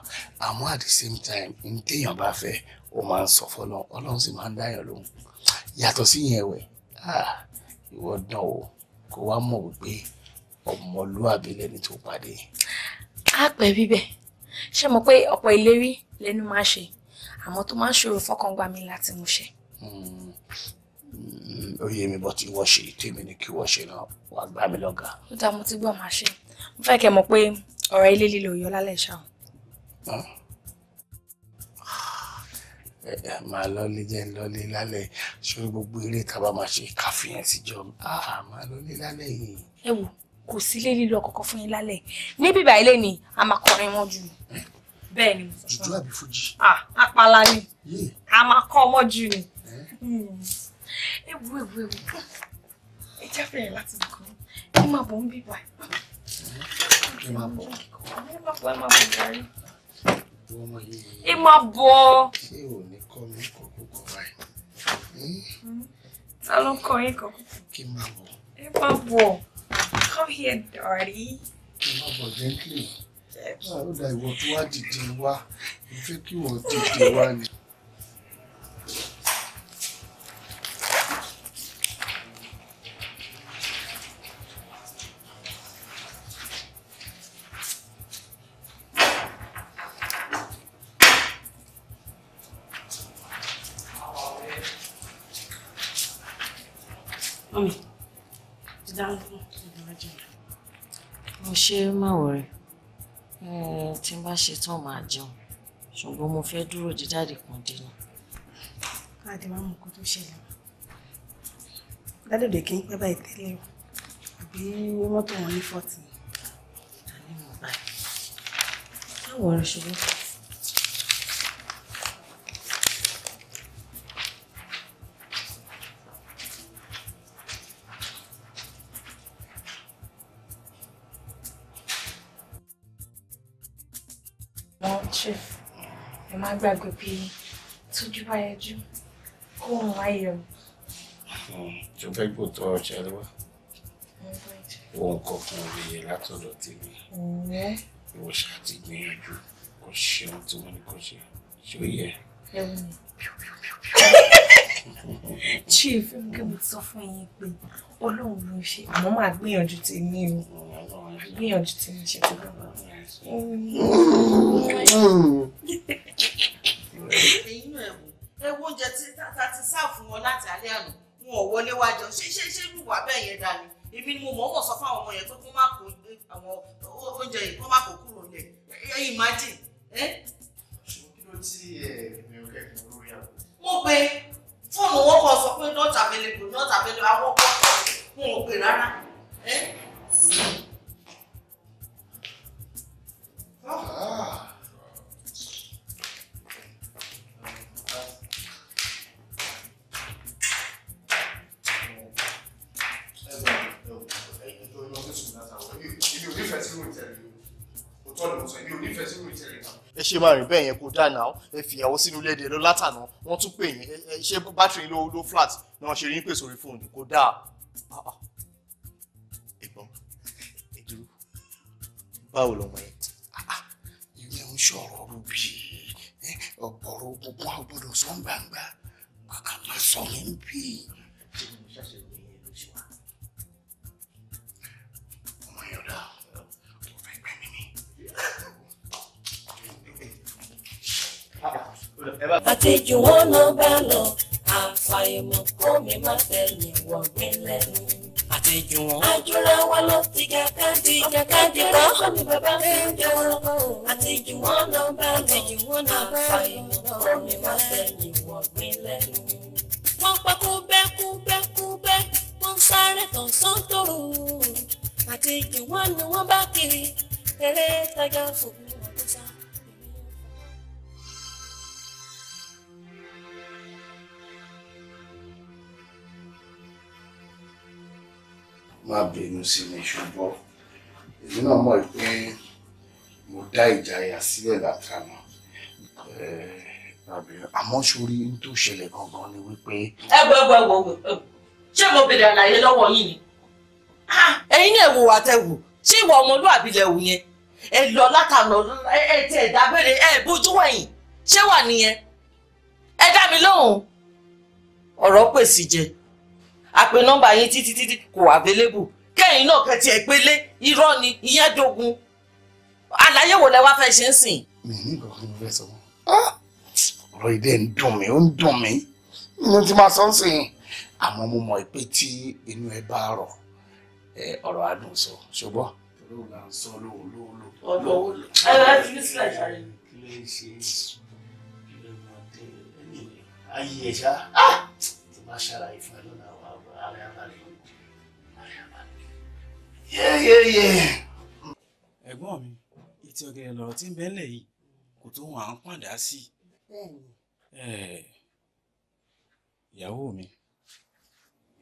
àmọ́ at the same time ní téèyàn bá fẹ́ ó máa ń sọ fọlọ Ọlọ́run sì máa ń dáyàn lóhùn yàtọ̀ sí yẹn wẹ ah, ìwọ dán o kó wá mọ̀ wípé ọmọlúwàbí lẹni tó pàdé. á pẹ́ bíbẹ̀ ṣé mo pé ọ̀pọ̀ ìlérí lẹ́nu máa ṣe àmọ́ tó máa ń ṣòro fọ́kàngbà mi láti mú ṣe. ó hmm, hmm, mi bọ́ tí wọ́n ṣe tèmi ni kí wọ́n ṣe náà wàá gbá mi lọ́gà. ó dáa mo ti gbọ́ màá ṣe mo fẹ́ kẹ́ mọ̀ pé ọ̀rọ̀ ilé lílo yọ lálẹ́ ṣáà máa lọlé jẹ́ lọlé lálẹ́ ṣórí gbogbo eré tá a bá máa ṣe káfíyàn síjọ máa lọlé lálẹ́ yìí. ẹ wo kò sí ilé lílọ kọ̀ọ̀kan fún yín lálẹ́ níbí ìbà ilé ni a máa kọrin wọn jù bẹ́ẹ̀ ni mo sọ fún un. jùjú àbí fújì. apala ni a máa kọ́ ọmọ jù ni. ẹ wo ẹ wo ẹ wo ẹ jẹ́ fẹ̀rẹ̀ láti nǹkan ẹ máa bọ̀ ń bíbà ẹ máa bọ̀ ẹ máa bọ̀ ẹ máa bọ̀ ẹ máa bọ̀ ẹ máa bọ̀ ẹ má bọ̀. o ní kọ́ mi kọ̀kọ̀kọ̀ báyìí? Hmm? ta ló kọ́ yín kọ̀kọ̀kọ̀? kí n má bọ̀. ẹ má come here daddy. kí n má bọ̀ gently. báwo ah, da ìwọ tó wá dìde wá ìfẹ́ kí wọ́n dìde wá ni. ṣe má wọrẹ hmm, tí n bá ṣe tán máa jẹun ṣùgbọ́n mo fẹ́ dúró di dáàdì kan dènà. káàdì máa mú nǹkan tó ṣẹlẹ̀ dáàdì òde kì í pẹ́ báyìí tẹ́lẹ̀ o àbí mọ́tò wọn ní fọ́tì. àní mo báyìí. báwo rẹ ṣùgbọ́n. gbàgbé pé tójú bá yẹjú kó òun wáyé o. tó fẹ́ gbòòtọ́ ọjà lọ́wọ́ ohun kankan ò lè yẹ látọ̀dọ̀ tèmi ìwọ ṣáà ti gbìyànjú kò ṣe ohun tí wọ́n ní kò ṣe ṣé ó yẹ. <laughs> chief nǹkan mi sọ fún yín pé ọlọ́run ló ń ṣe àmọ́ máa gbìyànjú tèmi o gbìyànjú tèmi ṣe tó bá wà. wọn láti alẹ́ àná wọn ò wọlé wá jẹun ṣé ṣé ṣé lùwà bẹ́ẹ̀ yẹn dà èmi ni mo mọ̀ mọ̀ sọ fún àwọn ọmọ yẹn pé kó má kó eh, àwọn oúnjẹ yìí kó má kó kúrò lẹ̀ ẹ̀yìn má dì. mo pe fóònù wọn kọ sọ pé not available not available àwọn ọkọ wọn ò pè rárá. Ah. ṣe máa rìn bẹ́ẹ̀ yẹn kó dáná ẹ fìyàwó sínú léde lọ látànà wọ́n tún pè yín ẹ ṣe bátìrì ló ló flat náà ṣe rí ń pè sórí fóònù kó dáa. ìbọn ah, ah. ìdúró báwo lọmọ yẹn ah, ìyẹn ń ṣọ̀rọ̀ rúbì ọ̀pọ̀rọ̀ gbogbo àgbọ̀dọ̀ sọ́ngbàngbà àmà sọ̀rọ̀ ń bì í. I think you want. lọ àfàìmọ̀ kó mi má tẹ̀lé wọ̀gbìn lẹ́nu. àtijọ́ wọn. àjọra wa ló ti I káàdì jà káàdì kọ́. ọkọ mi bàbá mi ń jẹ wọn. àtijọ́ wọn náà bá lọ àfàìmọ̀ kó mi má tẹ̀lé wọ̀gbìn lẹ́nu. wọ́n pa kúbẹ́ kúbẹ́ kúbẹ́ wọ́n sáré tàn sọ́ńtòrò àtijọ́ wọn ni wọ́n bá kiri eré tajà fòkùn. má bínú sí mi ṣùgbọ́n èmi náà mọ̀ pé mo dá ìjayà sílẹ̀ látara eh, àmọ́ sórí ní tó ṣẹlẹ̀ gangan ni wípé. ẹ gbọ́ ẹ gbọ́ ẹ gbọ́ ṣé mo bèrè àlàyé lọ́wọ́ yìí ni ah, ẹ̀yin náà wò wá tẹ̀wò ṣé ìwà ọmọlúwàbí lẹ̀ wò yẹn ẹ lọ látànà ẹ ti ẹ̀ dábẹ́rẹ́ ẹ bójú wẹ̀yìn ṣé wà nìyẹn ẹ dá mi lóhùn ọ̀rọ̀ pèsè jẹ àpè nọ́mbà yín títí títí kò available kẹ́yìn náà kẹ́tì ẹ̀ pélé irọ́ ni ìyẹn dogun àlàyé wo lẹ wá fẹ́ ṣe ń sìn. mi ní nǹkan kan fẹ́ sọ ọ̀rọ̀ ìdẹ́ ń dùn mí ó ń dùn mí inú ti máa sọ ń sìn àmọ́ mo mọ̀ pé tí inú ẹ bá rọ̀ ọ̀rọ̀ adùn sọ ṣùgbọ́n. olóògbé à ń sọ lóhùn lóhùn lóhùn. ẹ ẹ fi mí sílẹ̀ jàre. kí ló ń ṣe ayé ẹ̀ ṣá ah! tí máa ẹ̀gbọ́n mi ìtì ọ̀gẹ̀dẹ̀ lọ̀rọ̀ tí ń bẹ ńlẹ̀ yìí kò tó wọn à ń pàdá sí i. ìyàwó mi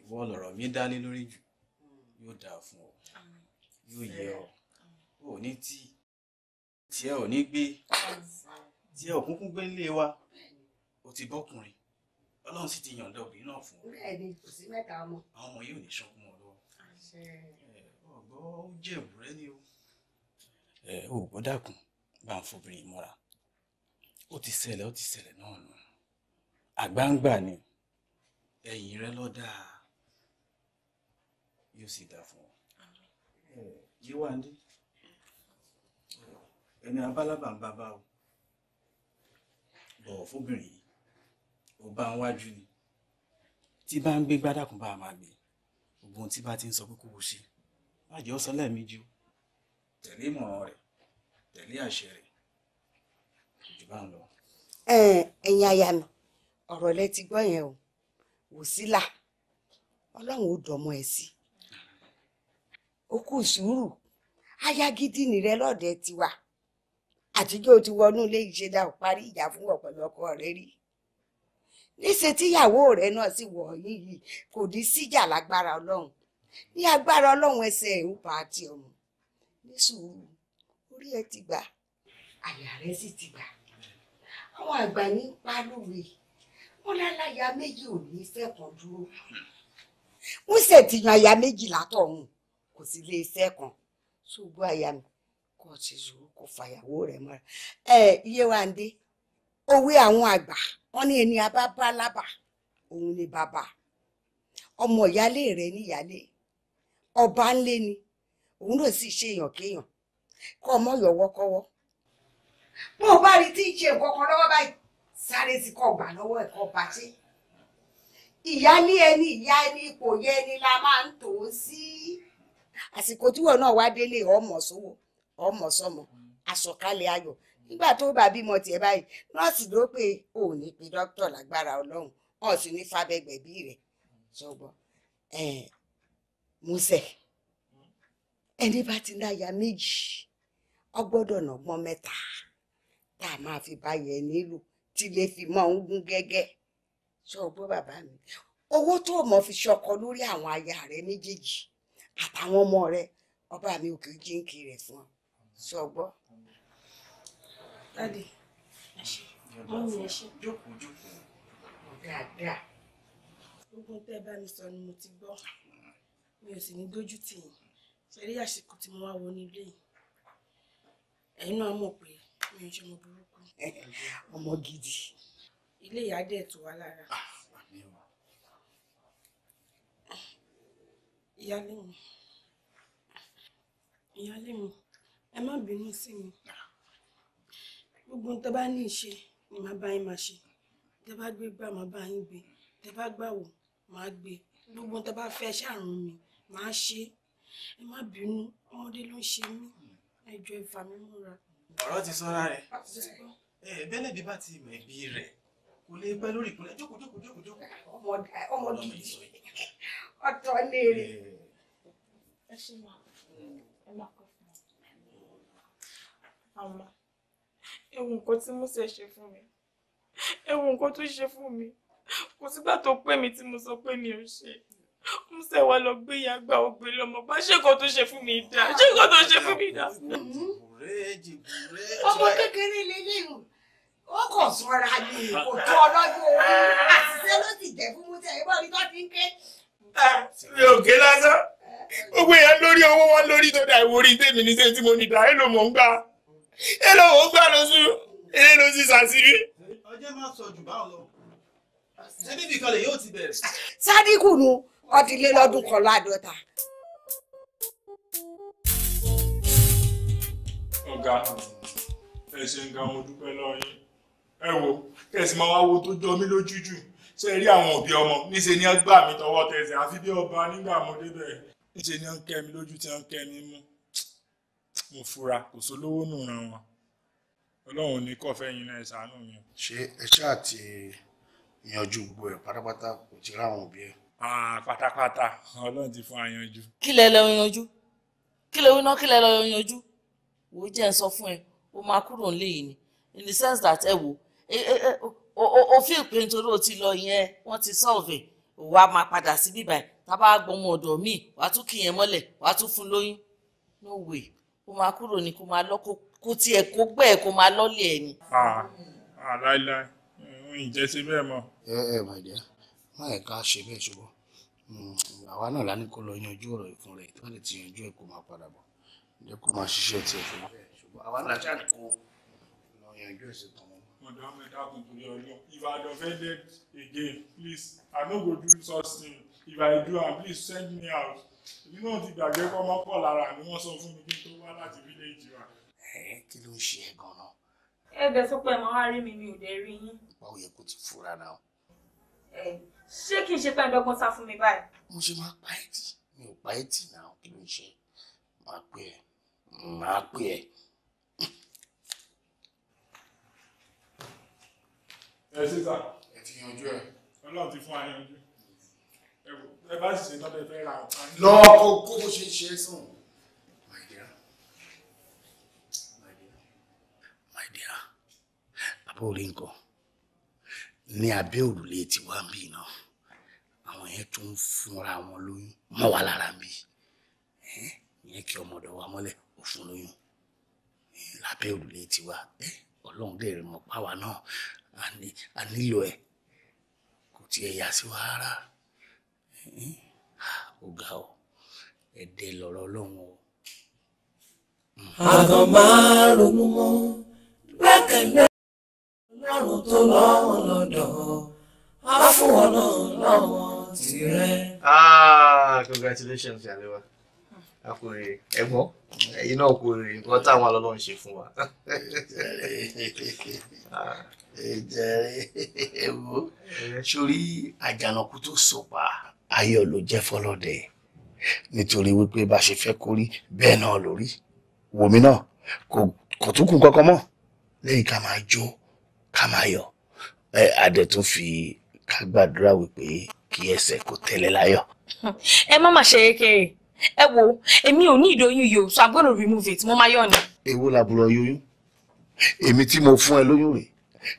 ìwọ lọ̀rọ̀ mi dá lé lórí jù yóò dáa fún ọ yóò yẹ ọ ò ní tí tiẹ̀ ò ní gbé tiẹ̀ òkúnkún gbé ńlé wa ó ti bọ́kùnrin ọlọ́run sì ti yànda obìnrin náà fún ọ. bẹ́ẹ̀ ni kò sí mẹ́ta ọmọ. àwọn ọmọ yìí ò ní ṣọkún ọ lọ́wọ́ ó jẹ̀bù rẹ ni o. ẹ ò gbọ́ dákun bá ń fobìnrin mọ́ra ó ti ṣẹlẹ̀ ó ti ṣẹlẹ̀ náà nù àgbáǹgbà ni ẹ̀yìn rẹ ló dáa yóò sì dáa fún ọ yíwáńdé ẹni abálábà ń bá bá o bọ̀wọ̀ fóbìnrin yìí ò bá ń wájú ni tí bá ń gbé gbádàkùn bá a máa gbé gbogbo ohun tí bá ti ń sọ pé kó ṣe májẹ́ ó sọ lẹ́ẹ̀mejì o tẹ̀lé ìmọ̀ràn rẹ̀ tẹ̀lé àṣẹ rẹ̀ jù bá ń lọ. ẹ̀yin aya mi ọ̀rọ̀ lẹ ti gbọ́ yẹn o wò sílà ọlọ́run ó dọ̀mọ́ ẹ̀ sí ó kù sùúrù aya gidi nìrẹ lọ́dẹ tiwa àtijọ́ ti wọnú ilé yìí ṣe dá ò parí ìjà fún ọ̀pọ̀lọpọ̀ rẹ rí níṣẹ́ tíyàwó rẹ náà sì wọ̀ yìí kò ní síjà lágbára ọlọ́run ní agbára ọlọ́run ẹsẹ̀ ẹ̀ ó bá a ti ọ̀run ní sùúrù orí ẹ ti gbà àyà rẹ sì ti gbà àwọn àgbà ní pálówe wọn láláya méjì ò ní fẹ́ kan dúró wọn sì ti yan àyà méjì látọ̀run kò sí lè fẹ́ kan ṣùgbọ́n àyà mi kò sì sùúrù kò fàyàwó rẹ mọ́ra ẹ Yéwándé òwe àwọn àgbà wọn ní ẹni abá bá lábà òun ni bàbá ọmọ ìyálé rẹ ní ìyálé ọba nle ni òun náà sì èèyàn kéèyàn ọmọ bá rí tí ṣe kan lọ́wọ́ báyìí sáré sí kọ́ gbà lọ́wọ́ ẹ̀kọ́ bá ìyá ní ẹni ìyá ẹni ipò yẹ la máa ń tò ó sí àsìkò tíwọ̀ náà wá délé ọmọ sówó ọmọ sọmọ nígbà tó bá bímọ tiẹ̀ báyìí nọ́ọ̀sì ló pé ò músẹ̀ ẹni bá ti láya méjì ọ gbọ́dọ̀ nàgbọ́n mẹ́ta tá a máa fi báyẹ̀ nílùú tílé fi mọ́ ń gún gẹ́gẹ́ sọ gbọ́ bàbá mi owó tó o mọ̀ fi ṣọkọ lórí àwọn aya rẹ méjèèjì àtàwọn ọmọ rẹ ọba mi ò kì í jíǹkì rẹ fún ọ sọ gbọ́. dádì ẹ mi ẹ ṣe. jókòó jókòó. dáadáa. gbogbo tẹ́ bá mi sọ ni mo ti gbọ́ mi ò sì ní gbójú tì yín ṣeré àsìkò tí mo wá wọ nílé yìí ẹ̀yin náà mọ̀ pé mi ò ṣe ọmọ burúkú <laughs> ọmọ gidi ilé ìyá dẹ̀ tó wá lára ah, ìyálé mi ìyálé mi ẹ má bínú sí mi ah. gbogbo tó bá ní ìṣe ni màá bá yín máa ṣe tẹ bá gbé gbà màá bá yín gbé tẹ bá gbà wò màá gbé gbogbo tó bá fẹ́ ṣàrùn mi màá ṣe ẹ má bínú ọmọdé ló ń ṣe mí ẹjọ ẹfà mi múra. ọ̀rọ̀ ti sọ́ra rẹ̀ bẹ́lẹ̀ bí bá ti mọ̀ ẹ̀bí rẹ̀ kò lè pẹ́ lórí ìpínlẹ̀ jókòó jókòó jókòó jókòó. ọmọ gidi ọ̀tọ̀ ni èrè. ẹ ṣe máa ẹ máa kọ fún mi. àmọ́ ewu nǹkan tí Mósè ṣe fún mi ewu nǹkan tó ṣe fún mi kò sígbà tó pè mí tí mo sọ pé mi ò ṣe musa wa lọ gbé ya gba ògbé lọmọ bá ṣé nǹkan tó ṣe fún mi dá ṣé nǹkan tó ṣe fún mi dá. ọmọ kékeré lélẹ́yìn ó kò sọ́ra ni kò tó ọlọ́dún orí àṣìṣe ló ti jẹ́ fún musa ìbọn ní tó ti ń ké. Ah, mi ò gé lásán gbogbo èèyàn lórí owó wọn lórí tó dà ìwòrí tèmi ní sẹ́yìn tí mo ní dá èlò mò ń gbà èlò mò ń gbà lóṣù èlò ló sì ṣàṣírí. ọjọ́ máa sọ jù báwọn lọ ṣé bíbí kan lè yóò ti bẹ̀rẹ̀. sádìkù nu wọ́n ti lé lọ́dún kan láàdọ́ta. ọ̀gá ẹ ṣe ń ga mo dúpẹ́ lọ́yìn ẹ wo kẹ̀sì máa wá wo tó jọ mí lójú jù ṣe rí àwọn òbí ọmọ níṣe ni wọ́n gbà mí tọwọ́ tẹsẹ̀ àfi bí ọba nígbà mo débẹ̀ níṣe ni wọ́n kẹ́ mi lójú tí wọ́n kẹ́ mi mú mo fura kò sólówó nù ràn wọn ọlọ́run ní kọ́fẹ́ yín náà ṣàánú mi. ṣé ẹ ṣáà ti yanjú gbogbo ẹ pátápátá kò ti ráwọn òbí ẹ. Ah, pátápátá ọlọ́run ti fún ayanjú. kí lẹ lọ yanjú kí lẹ wíná kí lẹ lọ yanjú wò ó jẹ́ ń sọ fún ẹ o máa kúrò nílé yìí ni in the sense that ẹ wò òfin ìpè nítorí o ti lọ yẹn wọ́n ti sọ̀vẹ̀ wàá máa padà sí bíbá ẹ̀ tábà gbọmọ ọ̀dọ̀ míì wàá tún kìyẹn mọ́lẹ̀ wàá tún fún lóyún no way kó máa kúrò ní kó máa lọ kó tiẹ̀ kó gbẹ́ ẹ̀ kó máa lọ́lẹ̀ ẹ̀ ni. àláìláì ah, ah, ń jẹ́ sí bẹ́ẹ̀ mọ́. ẹ eh, ẹ eh, my dear láì ká ṣe bẹ́ẹ̀ ṣùgbọ́n hmm, àwa náà lá ní kó lọ yanjú ọ̀rọ̀ ìfún rẹ̀ tó lè ti yanjú ẹ̀ kó máa padà bọ̀ jẹ́ kó máa ṣiṣẹ́ tiẹ̀ fún bẹ́ẹ̀ ṣùgbọ́n àwa náà ṣáà ní kó lọ yanjú ẹ̀ sí tọmọ. madam dákun torí ọjọ́ if i offended again please i no go do such if i do am please send me out èmi náà ti gbàgbé kọ́ máa pọ̀ lára ni wọ́n sọ fún mi kí n tó wá láti fílẹ̀jì wa. ẹ kí ló ń ṣe ẹ ganan. ẹ bẹ sọ pé màá rí mi mi ò dé rí yín ṣé kí n ṣe pẹ́ẹ́ dọ́gbọ́n sá fún mi báyìí. mo ṣe máa pa ẹtì mi ò pa ẹtì náà kí ló ń ṣe máa pè ẹ máa pè ẹ. ẹ ṣe sá. ẹ ti yanjú ẹ. ọlọ́run ti fún wa yanjú ẹ bá sì ṣe tọ́jú ẹ fẹ́ ra ọ̀tá. lọ kó kó bó ṣe ṣe é sàn. my ní abẹ́ òrùlé tiwa bí náà àwọn yẹn tún ń fúnra wọn lóyún mọ́ wa lára bí ìyẹn kí ọmọdọ̀ wa mọ́lẹ̀ ó fún lóyún lábẹ́ òrùlé tiwa ọlọ́run lè rí mọ̀ páwa náà a nílò ẹ̀ kò tiẹ̀ yà sí wa rárá ó ga ọ ẹ̀dẹ̀ lọ̀rọ̀ ọlọ́run o. àgàn máa ronú mọ́ bákan lọ́rùn tó lọ́wọ́n lọ́dọ̀ á fún wọn náà lọ́wọ́n tirẹ̀. Ah, congratulations yalewa akure ẹ̀gbọ́n ẹ̀yin náà kò rè nǹkan táwọn alọlọ ń ṣe fún wa. ìjẹrẹ ewu sórí àjànàkú tó sọpa ayọ̀ ló jẹ́ fọlọ́dẹ nítorí wípé bá ṣe fẹ́ kórí bẹ́ẹ̀ náà lórí wòmí náà kò tún kù kankan mọ́ lẹ́yìn ká máa jó ká máa yọ̀ adẹ tún fi ká gbàdúrà wípé kí ẹsẹ̀ kò tẹ́lẹ̀ láyọ̀. ẹ má má ṣe kéré ẹ wo èmi ò ní ìdóyún yìí o so i'm gonna remove it mo máa yọ̀ ni. èwo làbúrò yóyún èmi tí mo fún ẹ lóyún rèé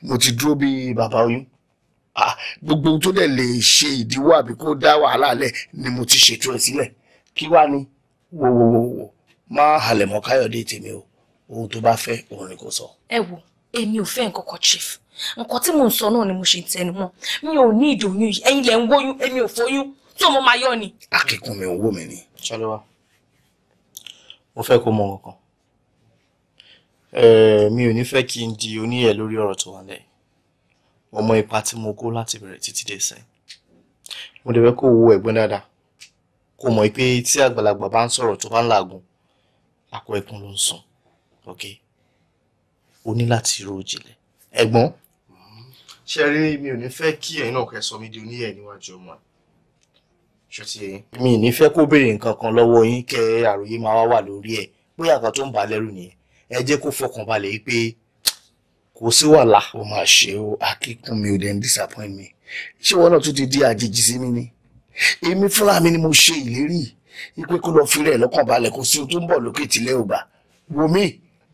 mo ti dúró bí bàbá oyún gbogbo ohun tó dẹ̀ lè ṣe ìdíwọ́ àbí kó dá wàhálà lẹ̀ ni mo ti ṣètò ẹ̀ sílẹ̀ kí wàá ní wòwòwòwò má halẹ̀ káyọ̀dé tèmi o ohun tó bá fẹ́ òun ni kò sọ. ẹ wo Emi ò fẹ́ nǹkan kan chief nǹkan tí mò ń sọ ni mo ṣe ń tẹnu mọ́ mi ò ní ìdòyún yìí ẹ̀yin lẹ ń wóyún èmi ò fóyún tí ọmọ máa yọ ni. akíkún mi ò wò mí ni. ṣọlẹ́wà mo fẹ́ kó mọ nǹkan mi ò ní fẹ́ kí n di oníyẹ̀ lórí ọ̀rọ̀ tó wà lẹ́yìn mo ipa tí mo kó láti bẹ̀rẹ̀ títí dé sẹ́yìn mo dẹ̀ fẹ́ kó wo ẹ̀gbọ́n dáadáa kó mọ̀ pé tí àgbàlagbà bá ń sọ̀rọ̀ tó bá ń làágùn àkọ ẹkún okay o ní láti ro jinlẹ̀ ẹ̀gbọ́n. ṣe rí mi ò ní fẹ́ kí ẹ̀yin náà kẹ́ sọ mí di oníyẹ̀ níwájú ọmọ ṣe ti yẹn. mi ò ní fẹ́ kó béèrè nǹkan kan lọ́wọ́ yín kẹ́ àròyé máa wá wà lórí ẹ̀ bóyá àgbà tó ń bà á lẹ́rù nìyẹn ẹ jẹ́ kó fọkàn balẹ̀ yìí pé kò sí wàhálà ó máa ṣe o akíkún mi ò dẹ̀ ń disappoint mi ṣé wọn náà tún ti di àjèjì sí mi ni èmi fúnra mi ni mo ṣe ìlérí ìpè lọ fi rẹ̀ lọ́kàn balẹ̀ kò sí ohun tó ń bọ̀ lókè tìlẹ̀ ògbà wò mí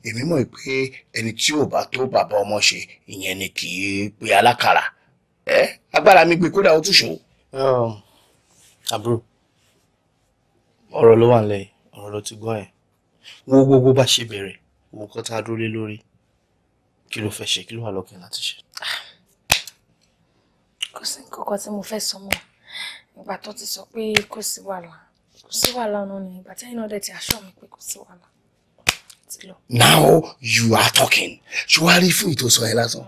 èmi mọ̀ pé ẹni tí ò bá tó bàbá ọmọ ṣe ìyẹn ni kì í pe alákàrà ẹ agbára mi gbé kódà ó túṣò. Oh, àbúrò ọ̀rọ̀ ló wà nílẹ̀ ọ̀rọ̀ ló ti gbọ́ ẹ̀ wo gbogbo bá ṣe bẹ̀rẹ̀ wo kọ́ tá a dúró lé lórí kí ló fẹ́ ṣe kí ló wà lọ́kàn láti ṣe. kò sí nǹkan kan tí mo fẹ́ sọ mọ́ ìgbà tó ti sọ pé kò sí wàhálà kò sí wàhálà ọ̀nà ni ìgbà tẹ́yìn náà dẹ̀ ti aṣọ mi pé kò sí wàhálà now you are talking ṣùwárí fún ìtòsọ yẹn lásán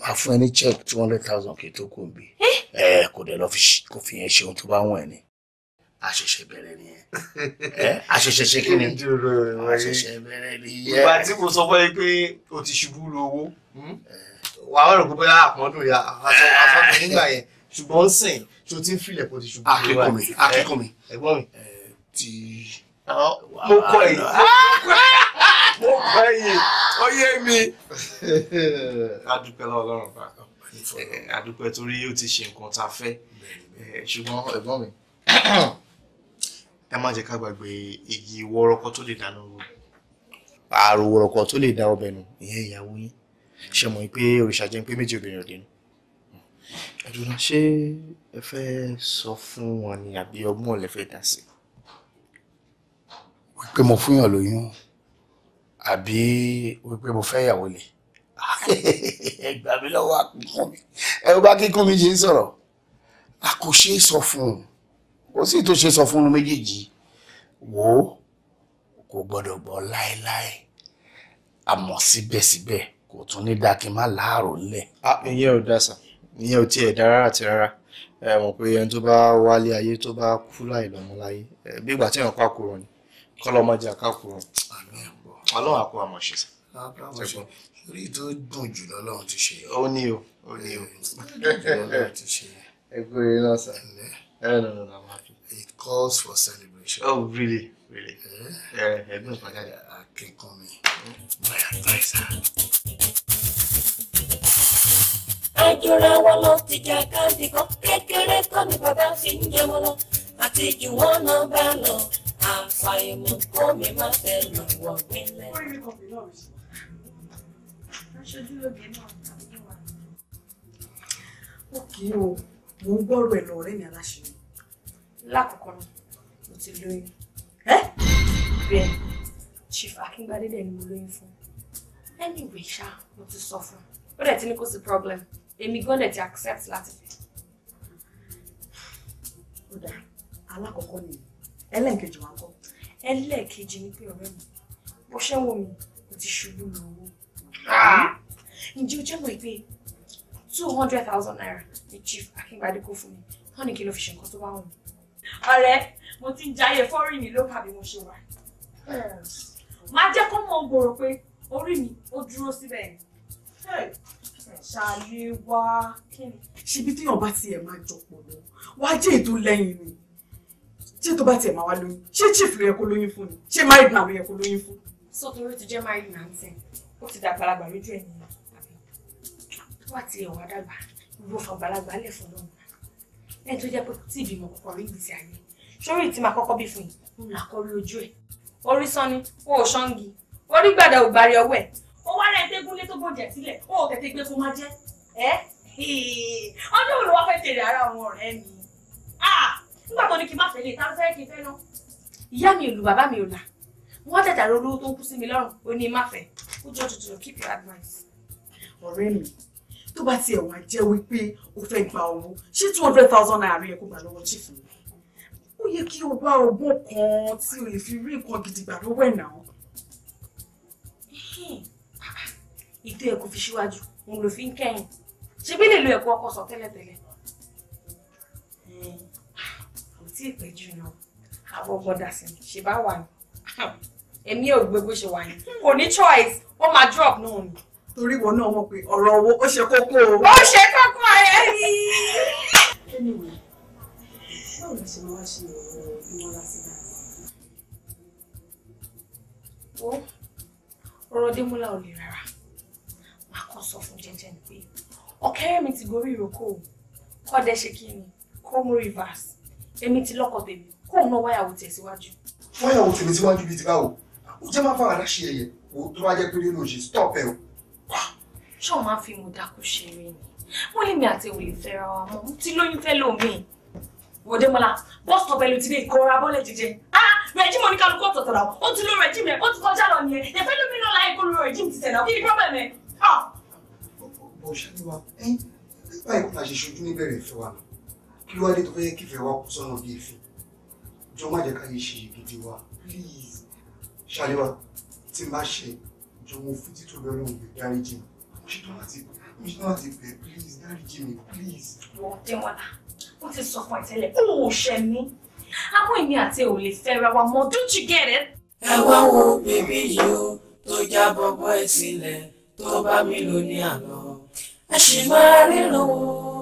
máa fún ẹ ní check two hundred thousand kì í tó kún bí eh? ẹ kò dẹ̀ lọ kò fi yẹn ṣe ohun tó bá wọ̀n ẹ ni àṣẹ̀ṣẹ̀ bẹ̀rẹ̀ nìyẹn àṣẹ̀ṣẹ̀ ṣe kí ni àṣẹ̀ṣẹ̀ bẹ̀rẹ̀ nìyẹn. ìgbà tí mo sọ fún ẹ pé o ti ṣubú lówó hmm? wà á rò pé bóyá àpọ́ndùn ya àfọ́dún nígbà yẹn ṣùgbọ́n ń sìn tó ti ń filẹ̀ pọ̀ ti ṣubú lówó. akíkùnmi akíkùnmi ẹ̀gbọ́n mi ti mo kọ èyí mo kọ èyí ó yé mi. adúpẹ́ <laughs> lọ́wọ́ ọlọ́run bá adúpẹ́ torí ó ti ṣe nǹkan tá a fẹ́ eh, ṣùgbọ́n ẹ̀gbọ́n mi <clears throat> ẹ má jẹ́ ká gbàgbé igi wọ́rọ́kọ́ tó lè dáná ro ààrò wọ́rọ́kọ́ tó lè dá ọbẹ̀ nù ìyẹn ìyàwó yín ṣe mọ̀ pé òrìṣà jẹ́ pé méjì obìnrin ò dénú ẹ̀dùnà ṣé ẹ fẹ́ sọ fún wọn ni àbí ọgbọ́n lẹ fẹ́ dá sí i pé mo fúnyàn lóyún àbí wípé mo fẹ́ yàwó lè <laughs> ẹgbà mi lọ́wọ́ àkíkún mi ẹ bá kíkún mi ṣe ń sọ̀rọ̀ a kò ṣe é sọ fún un kò sí tó ṣe sọ fún un méjèèjì wò ó kò gbọ́dọ̀ gbọ́ láéláé àmọ́ síbẹ̀síbẹ̀ kò tún ní dáa kí n má láàárò ńlẹ̀. ìyẹn ò dá sà ìyẹn ò tiẹ̀ dára àti rárá ẹ mọ̀ pé ẹni tó bá wálé ayé tó bá kú láì lọ́mọ láyé bí ìgbà tí èèyàn pa ni kọlọmọjà kákò Ọlọ́run àkó àmọ ṣe sá. tó dùn jù lọ́lọ́run ti ṣe. ó ní o ó ní o. ẹgbẹ́ rẹ náà sá. it calls for celebration. oh really really. ẹgbẹ́ ìpàdé akẹ́kọ̀ọ́ mi my adviser. àjọra wọn lọ ti jà káàdì kan kékeré kọ́ ni bàbá fi ń jẹun lọ àti ìwọ́n náà bá lọ àfàìmọ̀ kó mi má fẹnu wọ̀gbìnlẹ̀. aṣojúlóge náà tàbí wà. ó kì í o mò ń gbọ́rọ̀ ẹ̀ lọ ọ̀rẹ́ mi aláṣẹ lákòókò náà mo ti lóyún bẹ́ẹ̀ chief akíngbadé dẹ̀ ni mo lóyún fún anyway ṣá mo ti sọ fún un ó dẹ̀ ti ní kò sí problem èmi gan dẹ̀ ti accept láti fẹ́. ó dáa alákọ̀ọ́kọ́ nìyí ẹlẹ́ẹ̀kejì wà kọ́ ẹlẹ́ẹ̀kejì ni pé ọ̀rẹ́ mi bó ṣe wọ mi mo ti ṣubú lu owó ah! ǹjẹ́ o jẹ́ mọ̀ pé two hundred thousand naira ni chief akíngbadé kó fún mi wọ́n ní kí ló fi ṣe nǹkan tó bá wù mí. ọ̀rẹ́ mo ti ń jayé fọ́rí mi ló kà bí mo ṣe wà máa jẹ́ kó mọ̀ gbòòrò pé orí mi ó dúró síbẹ̀ ni ṣàlè wá. ṣíbi téèyàn bá tiẹ̀ máa jọpọ̀ lọ wá jẹ́ ètò lẹ́yìn ni ṣé tó bá tiẹ̀ máa wá lóyún ṣé chief ló yẹ kó lóyún fún ni ṣé married man ló yẹ kó lóyún fún. so torí ti jẹ́ married man tẹ̀ ó ti dàgbàlagbà lójú ẹ̀ nìyẹn tó bá tiẹ̀ wá dàgbà gbogbo fàgbàlagbà lẹ̀ fún lọ́wọ́ lẹ́yìn tó jẹ́ pé tí ìbímọ kọ̀kọ́ rí ìgbésí ayé sórí tí máa kọ́kọ́ bí fún yìí ń là kọ́ lójú ẹ̀ orí sanni o ò ṣọ́ngi orí gbàdá ò bari ọwọ́ ẹ̀ ó wá rẹ̀ tẹ́gúnlé tó gbòjẹ̀ sílẹ̀ ó ò tètè gbé kó má jẹ́ ẹ́ ọdún òun ló fẹ́ tèrè ara àwọn ọ̀rẹ́ mi nígbà tó ní kí n má fẹ́ lè tá fẹ́ kí n fẹ́ náà ìyá mi ò lu bàbá mi ò là wọ́n tẹ̀tà ro olówó tó ń kú sí mi lọ́rùn ó ní má fẹ́ ó jọ tuntun keep your advice. ọ̀rẹ́ mi tó bá tiẹ̀ wá jẹ́ wípé o fẹ́ gba owó ṣé two hundred thousand naira yẹ kó gbà lọ́wọ́ chief mi ó yẹ kí o bá ọgbọ́n kan tí o lè fi rí nǹkan gidi gbà lọ́wọ́ ẹ̀ náà. ìtò ẹ̀kọ́ fi síwájú òun ló fi ń kẹ́yìn ṣebí lè lo ẹ̀kọ́ ọkọ̀ sọ tẹ́lẹ̀tẹ́lẹ̀ tí ì pẹ́ jù náà àwọn bọ́dà sí mi ṣe bá wà ní <laughs> èmi ò gbé bó ṣe wà ní kò ní choice ó máa drop náà ni. torí wọn náà wọn pe ọ̀rọ̀ owó ó ṣe kókó o. ó ṣe kókó ẹ ní. báwo ni ṣe máa ṣe ìmọ̀ra síta. ó ọ̀rọ̀ démúlá ò lè rárá màá kàn sọ fún jẹ́jẹ́ ni pé ọ̀kẹ́rẹ́ mi ti gorí ìrókò kọ́ dẹ́ ṣe kí ni kó mú reverse èmi ti lọ́kọ tèmi kó òun náà wáyàwó tiẹ̀ síwájú. wáyàwó tèmi síwájú bíi ti báwo ó jẹ́ máa fara láṣẹ ẹ̀yẹ wo tó bá jẹ́ pé nínú òṣè stop ẹ̀ o. ṣé o máa fi mo dákú ṣe eré ni wọ́n lè mi àti òòlì fẹ́ra wa mọ́ tí lóyún fẹ́ lómi wòdémọlá bọ́ọ̀sì ọ̀bẹ ló ti dé ìkọra bọ́ọ̀lẹ̀ jíjẹ ah! rẹ̀jí mo ní kálukú ọ̀tọ̀ọ̀tọ̀ la ó ti lọ rẹ̀jí mi ó ti kọjá lọ nìyẹn ẹ̀fẹ́ lómi lọ́la ìkọlù rẹ̀jí mi ti tẹ̀ náà kí ni problem ẹ̀. bó ṣe ni wa báyìí kò máa ṣe ṣojú níbẹ̀rẹ̀ ìfẹ́ wa kí wá dé tó fẹ́ kífẹ́ wa kú sọ́nà bíi èéfín jọ má jẹ́ ká yẹ ṣe gidi wa please ṣàlẹ́wà tí n bá ṣe jọ mo fi títò bẹ́ẹ̀ lóhùn bẹ́ẹ̀ dáríjì mi mo ṣe tán láti mo ṣe tán láti bẹ́ẹ̀ please dáríjì mi please. wọ́n dé wọn la wọ́n ti sọ fún ẹ tẹ́lẹ̀ n ò ṣẹ̀ àwọn èmi àti ò lè fẹ́ra wa mọ́ don't you get it. ẹ wá wo bèbí yìí o tó já bọ́bọ́ ẹ̀ sílẹ̀ tó bá mi lò ní àná ẹ sì máa ríran o.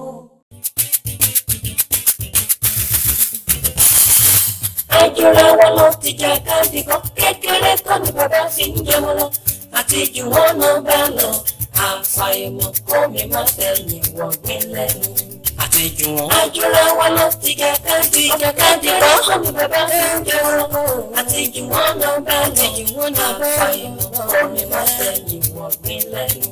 jọra wọn lọ ti jẹ káàdì kan kékeré kan ní bàbá fi ń jẹun lọ àti jù wọn náà bá lọ àfàìmọ̀ kó mi má tẹ̀yìn wọ̀gbìn lẹ́nu. àtẹ̀jù wọn. àjùra wọn lọ ti jẹ káàdì jẹ káàdì kan kan ní bàbá fi ń jẹun lọ àtẹ̀jù wọn náà bá lọ àfàìmọ̀ kó mi má tẹ̀yìn wọ̀gbìn lẹ́nu.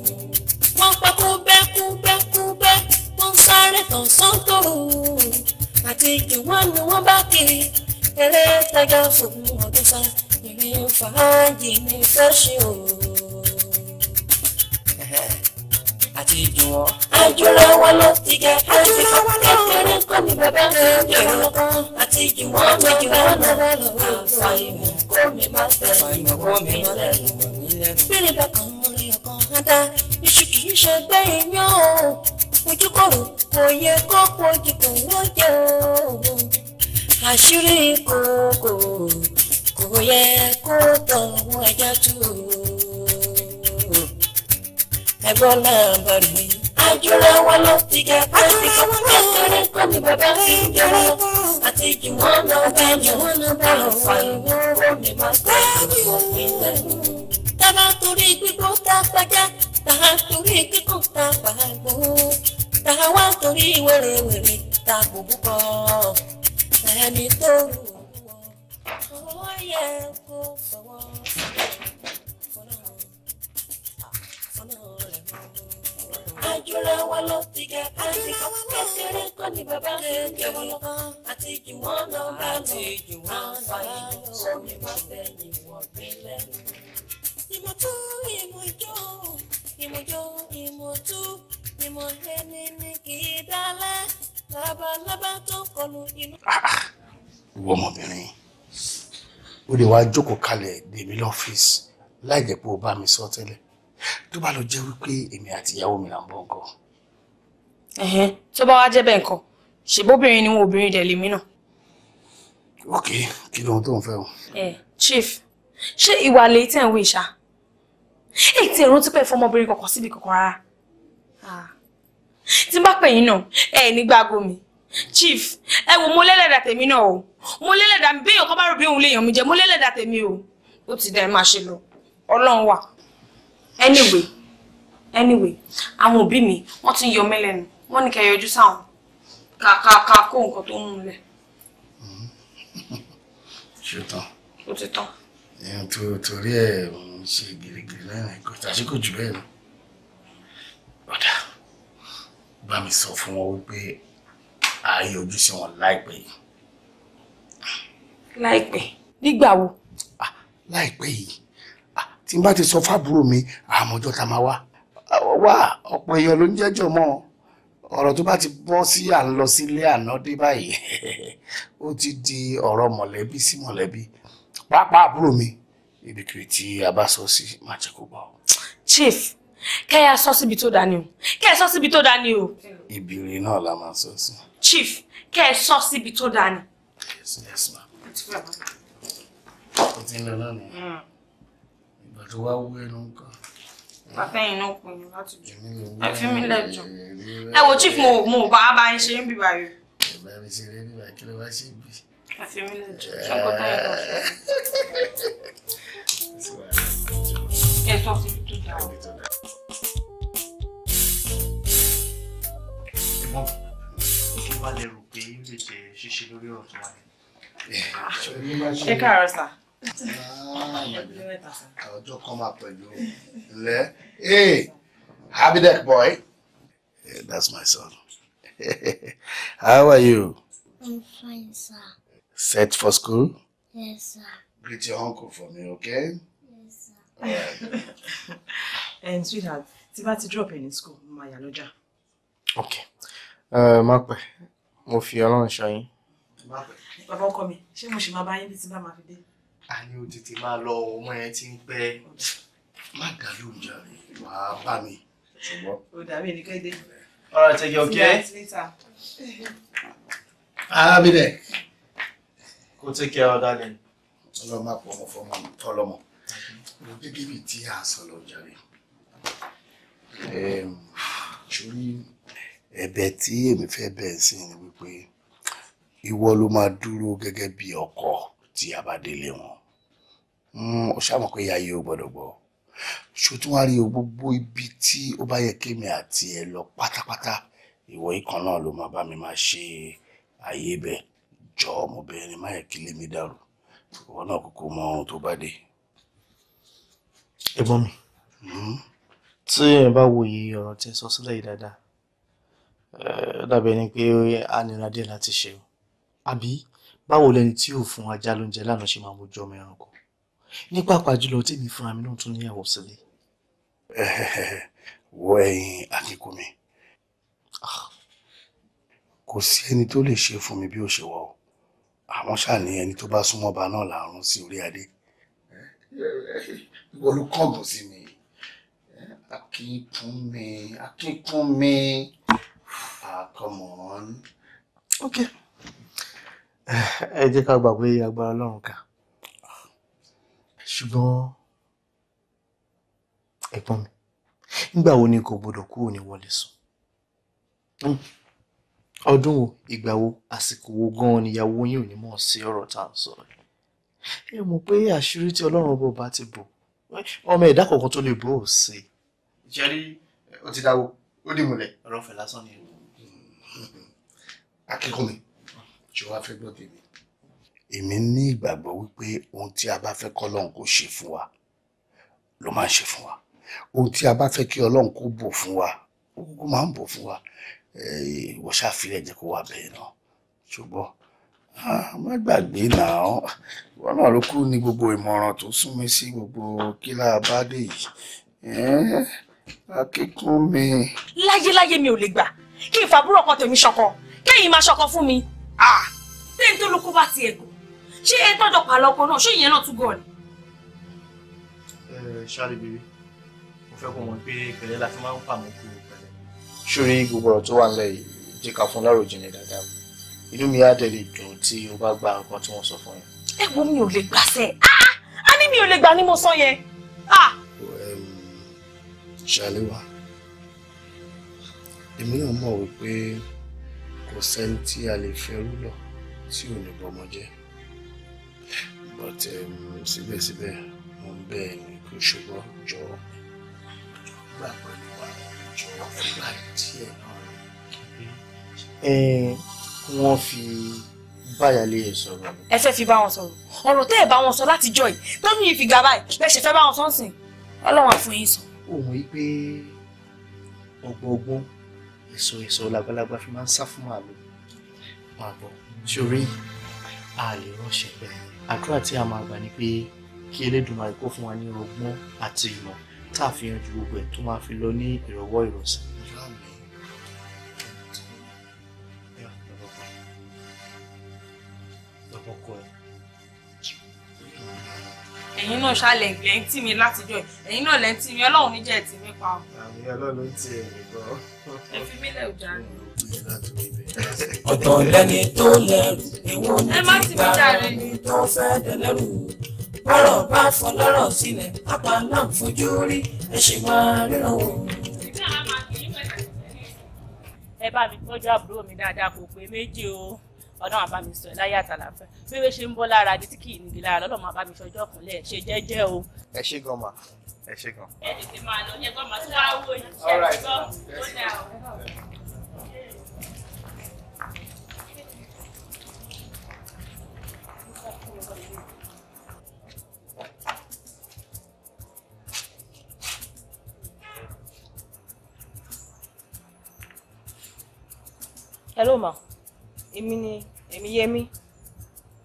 wọ́n pa kúbẹ́kúbẹ́kúbẹ́ wọ́n sáré tàn sọ́tò àtẹ̀jù wọn ni wọ́n bá kiri kékeré tẹ́gà fògùn ọdún sá ìrìn fàájì ní fẹ́ṣẹ̀ o. àti ìdùnnú. àjùlọ wọn ló ti jẹ àti kékeré kọ́ ni bẹ́bẹ́ náà ń jẹ wọn kan àti ìdùnnú méjì wọn náà lọ́wọ́ àfàìmọ̀ kó mi má fẹ́ àfàìmọ̀ kó mi má fẹ́ bílí bá kan mú rí ọkàn ádá iṣu kì í ṣe gbé iyán o ojúkòrò kò yẹ kó kojú kò wọ́n jẹ́ o àṣírí kòkò kò yẹ kó tọ̀wọ́ ẹja tú ẹgbọ́n náà bọ̀ rí. àjùlọ wọn ló ti jẹ pẹ́ẹ́sì kọ́kọ́ kéré kọ́ ni bàbá ti ń jẹrọ àti jù wọ́n lọ bá jù wọ́n lọ bá lọ fà ìwọ́ wọ́n mi máa tẹ́ òfin lẹ́nu. tábà torí gbígbó tá a pàjá tá a torí kíkó tá a pàgbó tá a wá torí wẹ́rẹ́wẹ́rẹ́ tá a kò búkọ́ ẹni tó rù wọ́n owó yẹ kó fọwọ́ ajúra wa ló ti ga káàdì kékeré kọ́ ni bàbá rẹ̀ ń jẹ wọn lọ́kọ́ àti jù wọ́n lọ bá lọ àǹfààní sómi má fẹ̀yìn wọ̀ mí lẹ́nu. ìmọ̀tún ìmọ̀jọ́ ìmọ̀jọ́ ìmọ̀tún ìmọ̀lẹ́ni ni kì í dálẹ́ labalábá tó kọlu inú. ìwọ ọmọbìnrin ó lè wáá jókòó kalẹ̀ dèmi lọ́fíìsì láì jẹ́ pé o bá mi sọ tẹ́lẹ̀ tó bá lọ jẹ́ wípé èmi àti ìyàwó mi là ń bọ̀ nǹkan. tó bá wá jẹ́ bẹ́ẹ̀ nǹkan ṣèbóbìnrin ni wọn obìnrin dẹ̀ lèmi náà. ok kí lóhun tó ń fẹ́ o. chief ṣé ìwà lè tẹ̀ ń wí ìṣá èyí tí èrò ń tún pẹ́ fọmọbìnrin kọ̀ọ̀kan síbi kọ̀ọ̀kan rárá. Ah tí n bá pè yín náà ẹ ní mi chief ẹ wò mo lẹ́lẹ̀dà tèmi náà o mo lẹ́lẹ̀dà mi bí èèyàn kan bá rò bí òun léèyàn mi jẹ mo lẹ́lẹ̀dà tèmi o ó ti dẹ̀ máa ṣe lọ ọlọ́run wà anyway anyway àwọn òbí mi wọ́n ti ń yọ mí lẹ́nu wọ́n ní kẹ́ yọjú sáwọn kàkàkà kó nǹkan tó ń mú lẹ̀. <laughs> ṣetán ó ti tán. èèyàn tó torí ẹ̀ ń ṣe gírígírí lẹ́nu ẹ̀kọ́ tàṣíkò jù bẹ́ẹ̀ lọ. ọ̀dà bá mi sọ fún wọn wípé a yọjú sí wọn láìpẹ́ yìí. láìpẹ́ nígbà wo. láìpẹ́ yìí tí n bá ti sọ fábúrò mi àmọ́jọ́ ta máa wá wá ọ̀pọ̀ èèyàn ló ń jẹ́jọ́ mọ́ ọ̀rọ̀ tó bá ti bọ́ sí à ń lọ sílé àná dé báyìí <laughs> ó ti di ọ̀rọ̀ mọ̀lẹ́bí sí mọ̀lẹ́bí pàápàá àbúrò mi ibikiri tí a bá sọ sí má jẹ́ kó gbọ́. chief kẹ́ ẹ sọ síbi tó dání o kẹ́ ẹ sọ síbi tó dání o. ìbìrì náà la máa sọ sí. chief kẹ́ ẹ sọ síbi tó dání. yes yes ma. o ti ń lọ lọ́nà hmm. ìgbà tó wá wú ẹnu kan. Àfẹ́yìn náà kò ní láti jù. Ẹ fi mí lẹ́jọ́. Ẹ wo chief mo mo bá a bá ń ṣe ń bìbà yìí. Ìgbà mi ṣe rẹ́ nígbà kí ló bá ṣe gbé. Ẹ fi mí lẹ́jọ́. Ṣé nǹkan tó yẹ kọ́ ṣe? <laughs> Ẹ sọ síbi tó dáa. mọ̀ kí wàá lè rò pé yóò lè jẹ ṣíṣe lórí ọ̀rọ̀ tó wà nínú. ẹ sà. Ah, ọjọ́ kan máa pẹ̀lú ilẹ̀ hey abidek boy that's my son <laughs> how are you. I'm fine sir. set for school. yes sir. greet your uncle for me okay. yes sir. Right. <laughs> and sweetheart tí bá ti drop in school mo máa yà lọ́jà. okay má pẹ́ mo fi ọlọ́run ṣọ́ yín. bàbá ọkọ mi ṣé mo ṣì máa bá yín bí tí bá máa fi dé. a ní o tètè máa lọ ọmọ yẹn ti ń pẹ́ má dá lóúnjẹ rẹ wàá bá mi. o dàbí ẹni kéde. All right, take your care. See you later. I'll be there. Go take care darling. Ọlọ́run máa pọ̀ ọmọ fọmọ tọ́lọ́mọ. Mo bíbí mi tí a sọ lọ jàre. Ṣorí ẹ̀bẹ̀ tí èmi fẹ́ bẹ̀ sí ni wípé ìwọ ló máa dúró gẹ́gẹ́ bí ọkọ tí a bá délé wọn ó hmm, ṣàmọ̀ pé ìyá yìí ò gbọ́dọ̀ gbọ́ ṣó tún wá rí o gbogbo ibi tí ó bá yẹ kémi àti ẹ lọ pátápátá ìwọ ìkan náà ló máa bá mi máa ṣe àyè bẹ jọ ọmọbìnrin má yẹ kí lé mi dàrú ìwọ náà kúkú mọ ohun tó bá dé. ẹ̀gbọ́n mi hmm? tí ẹ bá wòye ọ̀rọ̀ tí ẹ sọ sílẹ̀ yìí dáadáa dábẹ́ ni pé a nira díẹ̀ láti ṣe o àbí báwo lẹni tí ò fún ajá lóúnjẹ lánàá ṣe máa mójú ọmọ ẹranko ní pàápàá jùlọ tí èmi fúnra mi náà tún níyàwó sílé. <laughs> wọ ẹyin akínkùnmi kò sí ẹni tó lè ṣe fún mi bí ó ṣe wọ o àwọn ṣàní ẹni tó bá súnmọ́ ba náà làárún sí orí adé. ìwọ ló sí mi akínkùnmi akínkùnmi. Ah, come on. Okay. Ẹ jẹ́ ká gbà pé agbára Ọlọ́run kà. Ṣùgbọ́n ẹ̀gbọ́n mi, nígbà wo ni kò gbọdọ̀ kúrò ní wọlé sùn? Hmm. Ọdún wo, ìgbà wo, àsìkò wo gan-an níyàwó yín ò ní mọ̀ sí ọ̀rọ̀ tá à ń sọ yìí. Ẹ mọ̀ pé àṣírí tí Ọlọ́run bò bá ti bò, ọmọ ẹ̀dá kọ̀ọ̀kan tó lè bò ó sí. Ìjẹ́rí ó ti dáwó, ó dìmúlẹ̀. Ọ̀rọ̀ fẹ̀ lásán ni akínkùnmi ṣé wàá fẹ́ gbọ́ tèmi. èmi ní ìgbàgbọ́ wípé ohun tí a bá fẹ́ kọ́ lọ́hùn kó ṣe fún wa ló máa ń ṣe fún wa ohun tí a bá fẹ́ kí ọlọ́run kó bò fún wa ó máa ń bò fún wa eh, ìwọ ṣàfihàn jẹ́ kó wà bẹ́ẹ̀ náà ṣùgbọ́n má gbàgbé náà wọn náà ló kú ní gbogbo ìmọ̀ràn tó súnmi sí gbogbo kílà abádé yìí eh, akíkún mi. láyéláyé mi ò lè gbà kí ìfàbúrò kan tèmi ṣọkan kẹ́yìn máa ṣọkọ fún mi. Ah! ṣé n tó lóko bá ti ẹ̀gùn ṣé ẹ tọ́jọ́ pàlọ́ ọkọ náà ṣé ìyẹn náà tún gọ̀ ni. ṣáàlì bíbí mo fẹ́ kó mọ̀ pé pẹ̀lẹ́ la fi máa ń pàmò kú pẹ̀lẹ́. ṣórí gbogbo ọ̀rọ̀ tó wà nílẹ̀ yìí jẹ́ ká fún láròjì ní dáadáa inú mi á dẹ̀ lè dùn tí o bá gba nǹkan tí wọ́n sọ fún yẹn. ẹ wo mi ò lè gbàṣẹ á ah! ní mi ò lè gbà ní mo sọ yẹn. Ah! ṣàlẹ́wà èmi náà mọ̀ wípé kò sẹ́ni tí a lè fẹ́rú lọ tí ò ní bọ́mọ jẹ́ but um, síbẹ̀síbẹ̀ mo ń bẹ̀ ẹ́ ní kó ṣùgbọ́n jọ gbà pẹ̀lú wa jọ fúnra díẹ̀ náà ni. wọ́n fi báyàlé ẹ̀ sọ̀rọ̀. ẹ fẹ́ fi bá wọn sọ̀rọ̀ ọ̀rọ̀ tẹ́ ẹ bá wọn sọ láti jọ yìí lọ́dún yìí fi ga báyìí bẹ́ẹ̀ ṣe fẹ́ bá wọn sọ́nsìn ọlọ́run àfọyín sọ. òun yìí pé ọgbọ́n èso èso làgbàlagbà fi máa ń sá fún màálù máa bọ̀ ṣorí a lè rọ̀ṣẹ̀ pẹ̀ àdúrà tí a máa gbà ni pé kí Elédùmarè kó fún wa ní ọgbọ́n àti ìmọ̀ tá a fi yanjú gbogbo ẹ̀ tó máa fi lọ ní ìrọ̀wọ́ ìrọ̀sẹ̀. ẹ̀yin náà ṣàlẹ̀ lẹ́ǹtì mi látijọ́ ẹ̀yin náà lẹ́ǹtì mi ọlọ́run níjẹ́ ọlọ́run ti ẹ̀yìn gan. mí lẹ̀ ọ̀tọ̀ lẹ́ni tó lẹ́rù ìwọ ni ti bá ẹni tó fẹ́ dẹlẹ́rù bọ́rọ̀ bá fọ lọ́rọ̀ sílẹ̀ pápá náà fojú rí ẹ ṣì máa ríran wò. ẹ bá mi tọ́jú àbúrò mi dáadáa kò pé méjì o ọlọ́run àbá mi sọ ẹ láyé àtàlàfẹ́ bí wọ́n ṣe ń bọ́ lára di tí kì í níbi lára ọlọ́run àbá mi sọjọ́ kúnlẹ̀ ṣe jẹ́jẹ́ o. ẹ ṣe gan ma ẹ ṣe gan. ẹ tètè máa lọ ní ẹgbọ́n màá tún wá wò yìí ṣe é gbọ́ ó dà o. Hello ma, èmi ni èmi yẹmi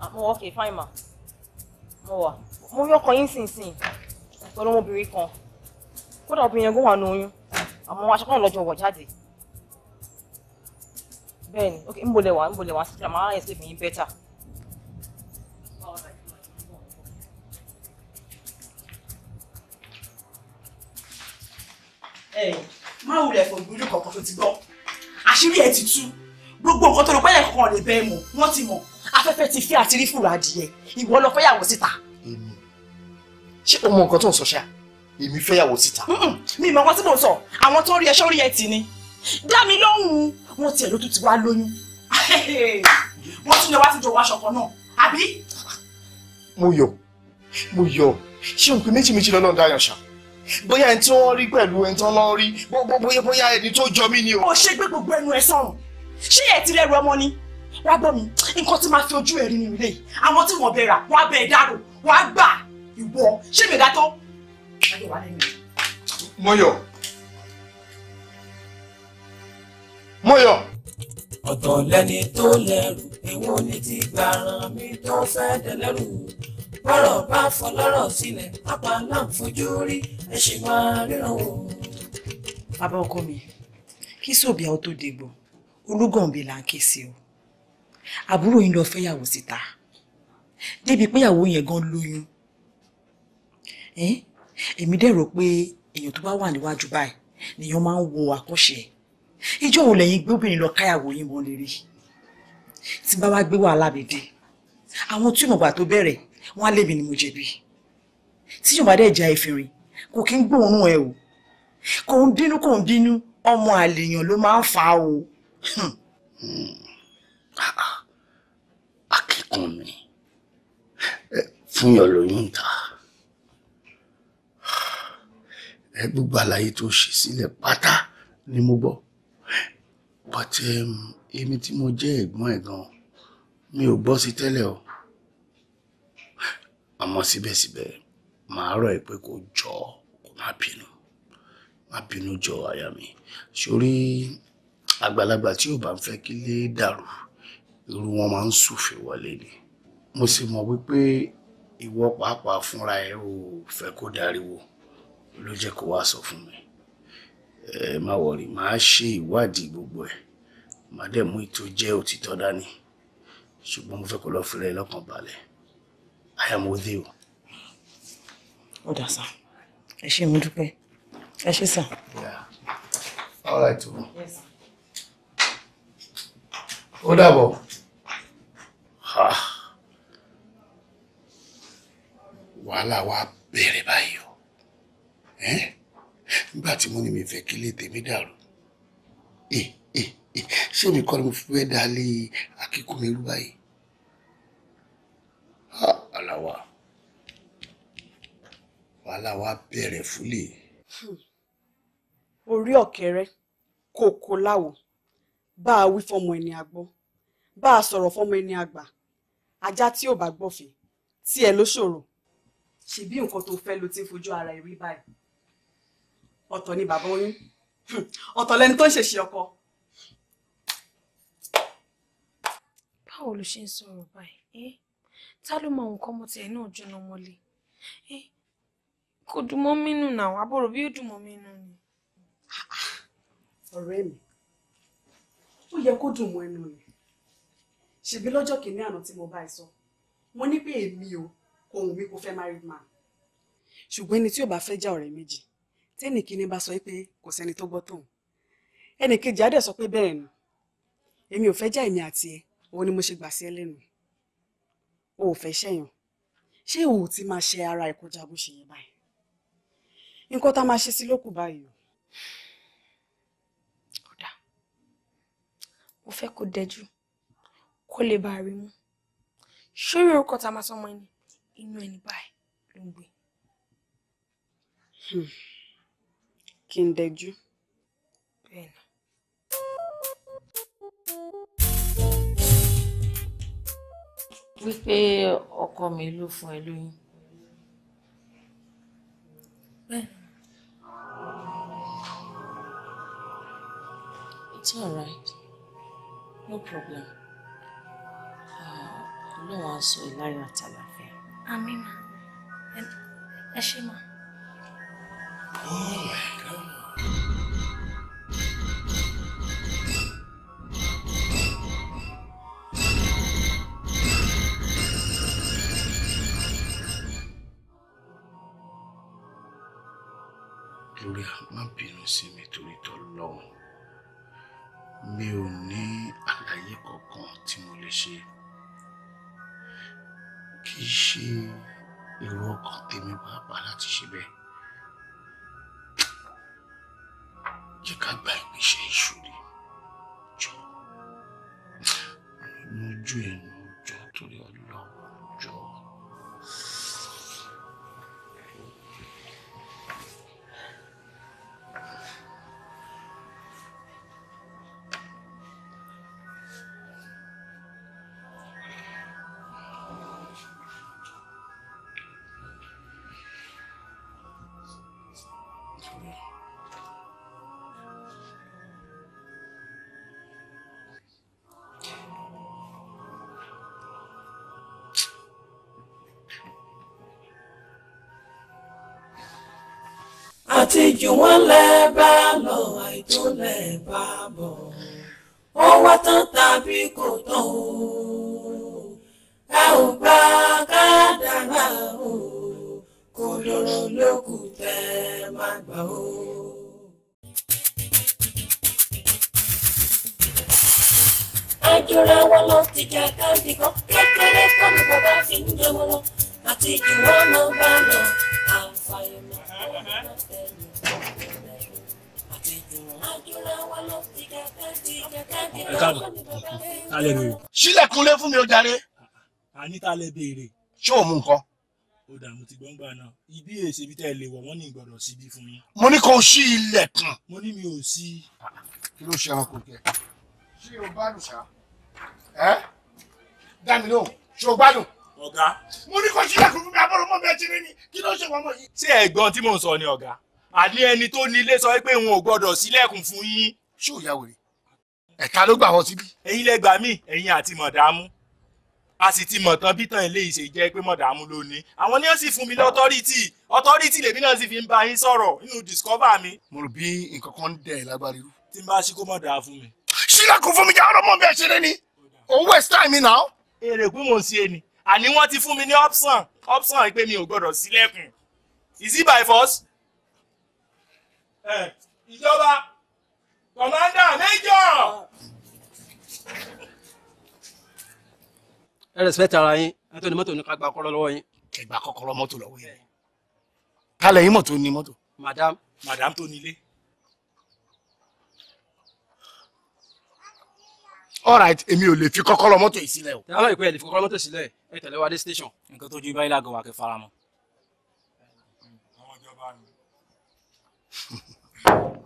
ah, mo wọ okay fine ma mo wà mo rí ọkọ yín sínsìn pẹ̀lú ọmọbìnrin kan kódà obìnrin yẹn gún wà ní oyún àmọ́ aṣọ kan lọ́jọ́ wọ̀ jáde bẹ́ẹ̀ni ok ń bolẹ̀ wá ń bolẹ̀ wá sí ìlànà àwọn ẹ̀sìn ìfìyín bẹ́tà. má wulẹ̀ fògbúrú kọ̀ọ̀kan tó ti gbọ́ àṣírí ẹ̀ ti tú gbogbo nǹkan tó rò pẹ́yẹ kankan lè bẹ́ẹ̀ mọ̀ wọ́n ti mọ̀ afẹ́fẹ́ ti fẹ́ àti rí fùrọ̀ adìyẹ ìwọ lọ fẹ́yàwó síta. èmi ṣé o mọ nǹkan tó ń sọ ṣá èmi fẹ́yàwó síta. mi ìmọ̀ nǹkan tí mo sọ àwọn tó ń rí ẹṣọ́ rí ẹ tì ni dá mi lóhùn wọn tiẹ̀ ló tún ti wá lóyún <laughs> wọ́n tún lè wá sí jọ wáṣọ kan náà àbí. mo yọ mo yọ ṣé òǹpẹ méjì méjì lọ́nà dáyọ̀ ṣá bóyá ẹni tí wọ́n rí pẹ̀lú ẹni tí wọ́n lọ rí bóyá ẹni tó jọ mí ni o. o ṣe gbé gbogbo ẹnu ẹ sọrùn ṣé ẹ ti rẹ́rù ọmọ ni wá gbọ́ mi nǹkan tí máa fi ojú ẹ̀ ni rèé àwọn tí wọ́n bẹ̀rà wọ́n á dárò wọ́n gbà ìwọ ṣé mi tó. mọ́yọ̀ mọ́yọ̀. ọ̀tọ̀ lẹni tó lẹ́rù èwo ni ti gbàràn mi tó fẹ́ dẹlẹ́rù bọ́rọ̀ bá fọ lọ́rọ̀ sílẹ̀ pápá náà fojú rí ẹ ṣì máa ríran o. bàbá ọkọ mi kí sóòbí àwọn tó dégbò olúgànbí là ń ké sí o àbúrò yín lọ fẹ́yàwó síta débi péyàwó yẹn gan lóyún èmi dẹ̀ rò pé èèyàn tó bá wà níwájú báyìí nìyẹn máa ń wo àkọ́ṣe ìjọ wo lẹ́yìn gbé lọ káyàwó yín mọ́ lérí tí bá wá gbé wàhálà mi àwọn tí ìmọ̀gbà tó bẹ̀rẹ̀ wọ́n á lébi ni mo jẹ̀bi tí yóò bá dẹ̀ ja ìfìrìn kò kí ń gbóòórùn ẹ o kò ń bínú kò ń bínú ọmọ àlèyàn ló máa ń fa o akẹ́kọ̀ọ́ mi fún yàn lóyún ta ẹ gbogbo àlàyé tó ṣe sílẹ̀ pátá ni mo gbọ́ but um, èmi tí mo jẹ́ ẹ̀gbọ́n ẹ̀ gan mi ò gbọ́ sí tẹ́lẹ̀ o àmọ́ síbẹ̀síbẹ̀ màá rọ̀ ẹ́ pé kó jọ kó má bínú má bínú jọ àyà mi sórí àgbàlagbà tí ò bá ń fẹ́ kí lé dàrú irú wọn máa ń sùfè wọlé ni mo sì mọ̀ wípé ìwọ pàápàá fúnra ẹ ò fẹ́ kó dariwo ló jẹ́ kó wá sọ fún mi ẹ má wọrí màá ṣe ìwádìí gbogbo ẹ màá dẹ̀ mú ìtó jẹ́ òtítọ́ dání ṣùgbọ́n mo fẹ́ kó lọ fìrẹ lọ́kàn balẹ̀ I am with you. ó dà sá ẹ ṣé mo dúpẹ́ ẹ ṣé sá. all right o. Yes ó dàbọ̀ wàhálà wa bẹ̀rẹ̀ báyìí o nígbà tí mo ní mi fẹ́ kí lè tèmi dàrú ṣé mi kọ́ ni mo fi fẹ́ dalé akíkúnmi rú ala aláwa wàhálà wa bẹ̀rẹ̀ fúlẹ̀. Hmm. orí ọ̀kẹ́rẹ́ kòkó láwo bá a wí fọmọ ẹni àgbọ́ bá a sọ̀rọ̀ fọmọ ẹni àgbà ajá tí ò bá gbọ̀fìn tí ẹ ló ṣòro ṣebí nǹkan tó fẹ́ ló ti ń fojú ara ẹ rí báyìí ọ̀tọ̀ ni bàbá oyún hmm. ọ̀tọ̀ lẹni tó ń ṣèṣe ọkọ. báwo ló ṣe ń sọ̀rọ̀ báyìí ta ló mọ nǹkan ọmọ tiẹ̀ náà jóná mọ́lé kò dùn mọ́ mínú náà àbúrò bí ó dùn mọ́ mínú ni. ọ̀rẹ́ mi ó yẹ kó dùn mọ́ ẹnu ni ṣèbí lọ́jọ́ kìíní àná tí mo bá ẹ sọ mo ní pé èmi o kò wù mí kó fẹ́ married man ṣùgbọ́n ẹni tí ò bá fẹ́ já ọ̀rẹ́ méjì tẹ́nì kìíní bá sọ pé kò sẹ́ni tó gbọ́ tòun ẹnì kejì á dẹ̀ sọ pé bẹ́ẹ̀ ni èmi ò fẹ́ já èmi àti ẹ òun ni mo ṣe gbà sí ẹ lẹ́nu o ò fẹ́ ṣẹ̀yàn ṣé òun ò ti máa ṣe ara ẹ̀ kọjá bó ṣe yẹ báyìí nǹkan tá a máa ṣe sí lókù báyìí o. mo fẹ́ kó dẹjú kó lè bá rí mú ṣórí orúkọ tá a sọmọ ẹni inú ẹni báyìí ló ń gbé. Hmm. kí n dẹjú. wípé ọkọ mi ló fún ẹ lóyún. It's all right no problem ah, ọlọ́run á sọ ìláyọ̀ àtàlàfẹ́. àmín mà Amima. And Ashima. all àti jù wọ́n lẹ́ bá lọ àìtólẹ̀ bá bọ̀ ó wá tán tàbí kò tán o ẹ ò gbà kádàrá o kò lọ́rọ̀ lókù tẹ́ má gbà o. àjọra wọn lọ ti jà káàdì kan kékeré kọ́ ni bàbá fi ń jẹun lọ àti jù lọ bá lọ. ẹ káàbọ̀ alẹ́ mi o. sílẹ̀kùnlé fún mi ó jàre. àní ta lẹ béèrè. ṣé o mú nǹkan. ó dààmú ti gbọ́ngbà náà ibi èsì ibi tẹ́ ẹ lè wọ̀ wọ́n ní ìgbọ̀dọ̀ síbi fún yín. mo ní kó o ṣí ilẹ̀kùn. mo ní mi ò ṣí. kí ló ṣe ẹranko jẹ ṣé o gbádùn ṣá ẹ dá mi lóhùn ṣé o gbádùn. ọ̀gá. mo ní kó o ilẹ̀kùn fún mi abọ́rọ̀ bẹ́ẹ̀ ti rí ni kí ló ṣe wọ́n mọ́ yìí. ṣé ẹ̀gbọ́n tí mò ń sọ ni ọ̀gá àní ẹni tó ní ilé sọ pé òun ò gbọ́dọ̀ ṣílẹ̀kùn fún yín ṣé ò yá wèrè ẹ̀ka ló gbà wọ́n síbí. ẹ̀yin lẹ gbà mí ẹ̀yin àti mọ̀dàmú a sì ti mọ̀ tán bí tán ilé ìṣe jẹ́ pé mọ̀dàmú ló ní àwọn ni wọ́n sì fún mi ní ọtọ́rìtì ọtọ́rìtì lèmi náà sì fi ń bá yín sọ̀rọ̀ nínú discover mi. mo rò bí nǹkan kan ń dẹ̀ lágbára irú. tí n bá ṣí kó mọ̀ dáa fún mi. ṣílẹ̀kùn fún mi jẹ́ ọ̀rọ̀ mọ́ bí ẹ ṣe lé ni òun waste time now. èrè pé mò ń ṣe ni àní wọ́n ti fún mi ní option option pé mi ò gbọ́dọ̀ sílẹ̀kùn is it by force? ìjọba. Eh, Commander, Major. ẹ respect ara yín ẹ ni ní mọ́tò ní ká gba kọ́kọ́rọ́ lọ́wọ́ yín. ẹ gba kọ́kọ́rọ́ mọ́tò lọ́wọ́ yín. kálẹ̀ yín mọ́tò ní mọ́tò. madam madam tó nílé. all right èmi ò lè fi kọ́kọ́rọ́ mọ́tò yìí sílẹ̀ o. tí a máa ń pè é lè fi kọ́kọ́rọ́ mọ́tò sílẹ̀ ẹ tẹ̀lé wa dé station. nǹkan tó ju ibà yìí lágọ̀ wà kí faramọ́. <laughs>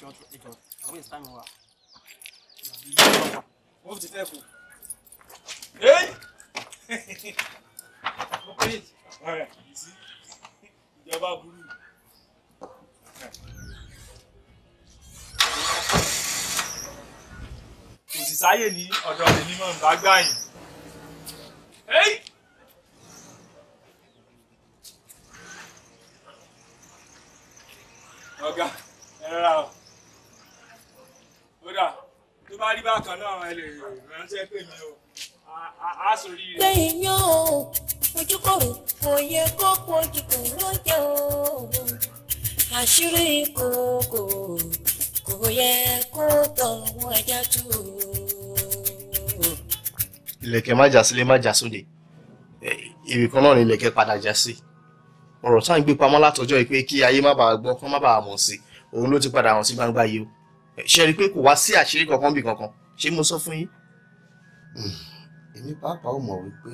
jọ ẹ jọ àwọn èsì táìmù wa. wọ́n fi ti tẹ́ kù. ìjọba burú. kò sì sáyè ní ọ̀dọ̀ tèmi mọ̀ nígbà gbàyìn. ọ̀gá ẹ̀rọ kódà tó bá rí bákan náà ẹ lè ránṣẹ́ pè mí o a sòrí rẹ. lẹ́yìn yóò ojúkòrò kò yẹ kó pojúkò ló jẹ́ òun àṣírí kòkò kò yẹ kó tọ̀wọ́ ẹja tú. ìlẹ̀kẹ̀ má jà sílé má jà sóde ibì kan náà ni ìlẹ̀kẹ̀ padà já sí ọ̀rọ̀ táwọn gbé pamọ́ látọjọ́ yìí pé kí ayé má bàa gbọ́ kó má bàa mọ̀ sí òun ló ti padà hàn sí gbangba yìí o ṣe rí i pé kò wá sí àṣírí kankan bí kankan ṣé mo sọ fún yín. Hmm, èmi pàápàá ò mọ̀ wípé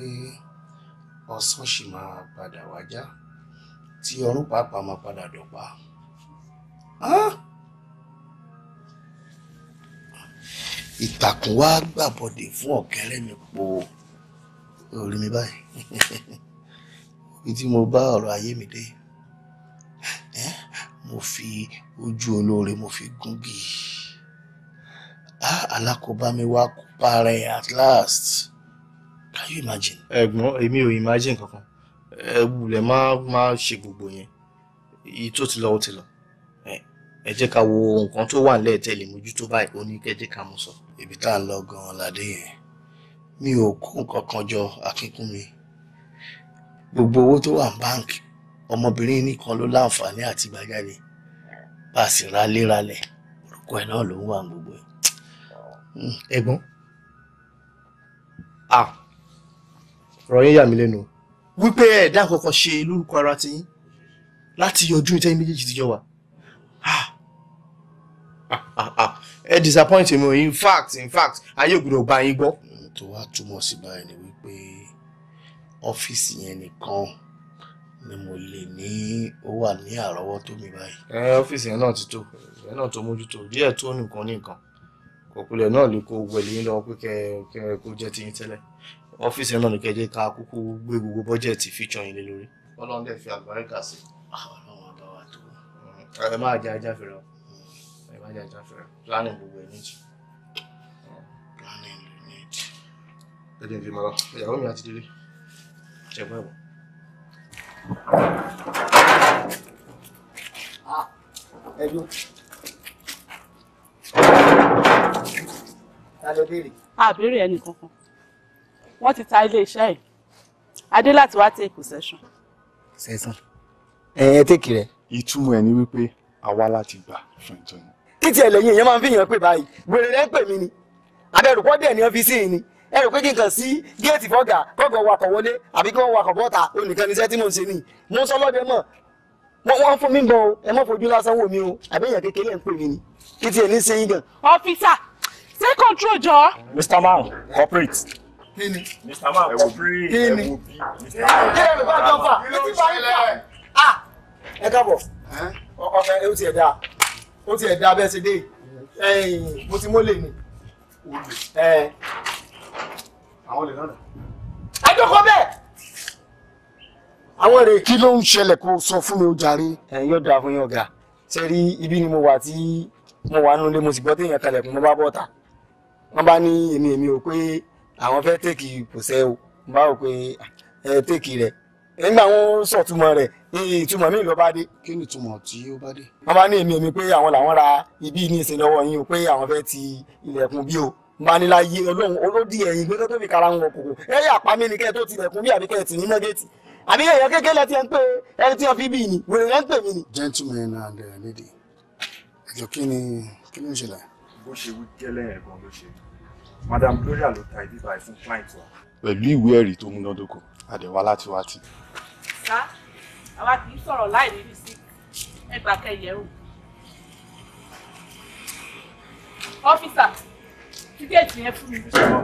ọ̀sán ṣì máa padà wájà tí ọrùn pàápàá máa padà dọ̀pá. Ah! ìtàkùn wa gbàbọdè fún ọ̀kẹ́rẹ́ mi po orí mi báyìí <laughs> ibi tí mo bá ọ̀rọ̀ ayé mi dé mo fi ojú olóore mo fi gúngi ah alákòóbámi wa at last can you imagine. ẹ̀gbọ́n èmi ò imagine kankan ẹ wulẹ̀ má má ṣe gbogbo yẹn èyí tó ti lọ ó ti lọ ẹ jẹ́ ká wo nǹkan tó wà nílẹ̀ tẹ́lẹ̀ mójútó báyìí ó ní kẹ́ jẹ́ ká mú sọ. ibi tá à ń lọ gan-an ládé yẹn mi ò kó nǹkan kan jọ akínkún mi gbogbo owó tó wà ní báǹkì ọmọbìnrin nìkan ló láǹfààní àti gbàjáde bá a sì ra léralẹ̀ orúkọ ẹ̀ náà ló ń wà gbogbo ẹ̀ ẹ̀gbọ́n à ọ̀rọ̀ yín yà mí lẹ́nu. wípé ẹ̀dá kankan ṣe lórúkọ ara ti yín láti yọjú ìtẹ́yìn méjèèjì tíjọ wà ẹ disappoint mi o in fact in fact ayé ògbìnà ọba yín gbọ́. tó wá túmọ̀ sí báyìí ni wípé ọ́fíìsì yẹn nìkan ni mo lè ní ó wà ní àrọ́wọ́tó mi báyìí. ẹ ọ́fíìsì yẹn náà ti tó ẹ náà tó mójútó bí ẹ tó nìkan ní òpìlẹ̀ náà ni kò wẹ̀lẹ̀ yín lọ́wọ́ pé kẹ kẹ kó jẹ́ ti yín tẹ́lẹ̀ ọ́fíìsì náà ni kẹjẹ́ ká kúkú gbé gbogbo bọ́jẹ̀tì fíjọ yín lé lórí ọlọ́run dẹ̀ fi àgbáríkà sí ah, ọlọ́run ọba wa tó ẹ má jẹ́ ajá fẹ́ra ẹ má jẹ́ ajá fẹ́ra planning gbogbo ẹ̀ níjì planning níjì ẹ jẹ́ fi máa lọ ìyàwó mi àti délé ṣẹ̀gbọ́n ẹ̀wọ̀n. Ah, ẹjọ́. àbẹ̀rẹ̀ ẹnì kankan wọ́n ti ta ilé iṣẹ́ yìí adé láti wá take possession. sẹ́sán ẹ̀yẹn tèkì rẹ̀. ìtumọ̀ ẹ̀ ni wípé àwa láti gbà fún ìtọ́ni. títí ẹ̀ lẹ́yìn èèyàn máa ń fi èèyàn pè báyìí wèrè rẹ̀ ń pè mí ni abẹ́rùpọ̀ dẹ̀ ni wọ́n fi sí i ni ẹ rò pé kí n kàn sí géètì fọ́gà kọ́gọ̀ wakọ̀ wọlé àbí kí wọ́n wakọ̀ bọ́ta onìkan níṣẹ́ tí mò ń ṣe ni mo ń sọ lọ́dẹ mọ̀ wọ́n wọ́n fún mi bọ̀ ẹ mọ̀ fojú lásán wò mí o àbí èèyàn kékeré ń pè mí ni kí tiẹ̀ ní í ṣe yín gan. ọ́fíìsà Take control, Joe. Mr. Man, cooperate. Kíni. Mr. Man, cooperate. Kíni. Kíni Ah! Ẹ káàbọ̀. Ọkọ fẹ́ ó ti ẹ̀ dáa. Ó ti ẹ̀ dáa bẹ́ẹ̀ ṣe dé. Mo ti mólè ni. Àwọn olè lọ́nà. Ẹ jókòó bẹ́ẹ̀. Àwọn èrè kí ló ń ṣẹlẹ̀ kó sọ fún mi ó jàre. Ẹ̀yin yóò dáa fún yín ọ̀gá. ibi ni mo wà tí mo wà nílé mo sì gbọ́ téèyàn kalẹ̀kùn mo bá bọ́ta wọ́n bá ní èmi èmi ò pé àwọn fẹ́ tèkì pòṣẹ́ o wọ́n bá rò pé ah, ẹ tèkì rẹ̀ nígbà wọn sọ̀túmọ̀ rẹ̀ ìtumọ̀ mi ló bá dé. kí ni ìtumọ̀ tí ó bá dé. wọ́n bá ní èmi èmi pé àwọn làwọn ra ibi ní ìsìn lọ́wọ́ yín o pé àwọn fẹ́ ti ilẹ̀kùn bí o manila yé ọlọ́run olódì ẹ̀yìn gbẹ́gbẹ́ tó fi kara wọn kòkò ẹ̀yà àpamí ni kẹ́ ẹ̀ tó tilẹ̀kùn bí àbíkẹ́ ẹ̀ tì ní nọ́gẹ́tì àbí èèyàn kékeré lẹ́tí ẹ̀ ń pè ẹni tí wọ́n fi bí ni wèrè lẹ́ ń pè mí ni. gentleman and uh, lady ẹjọ kí ni kí ló ń ṣẹlẹ̀ bó ṣe wí gẹ́lẹ́ yẹn gan ló ṣe madam gloria ló ta ibi báyìí fún client wa. pẹ̀lú ìwé ẹ̀rí tó múnádóko àdẹ̀wá láti wá tì. sá àwa kì í sọ̀rọ̀ láì ní sí ẹgbà kẹyẹ o. ọ́fíìsà tíkẹ́ẹ̀tì yẹn fún mi bí ṣe mọ́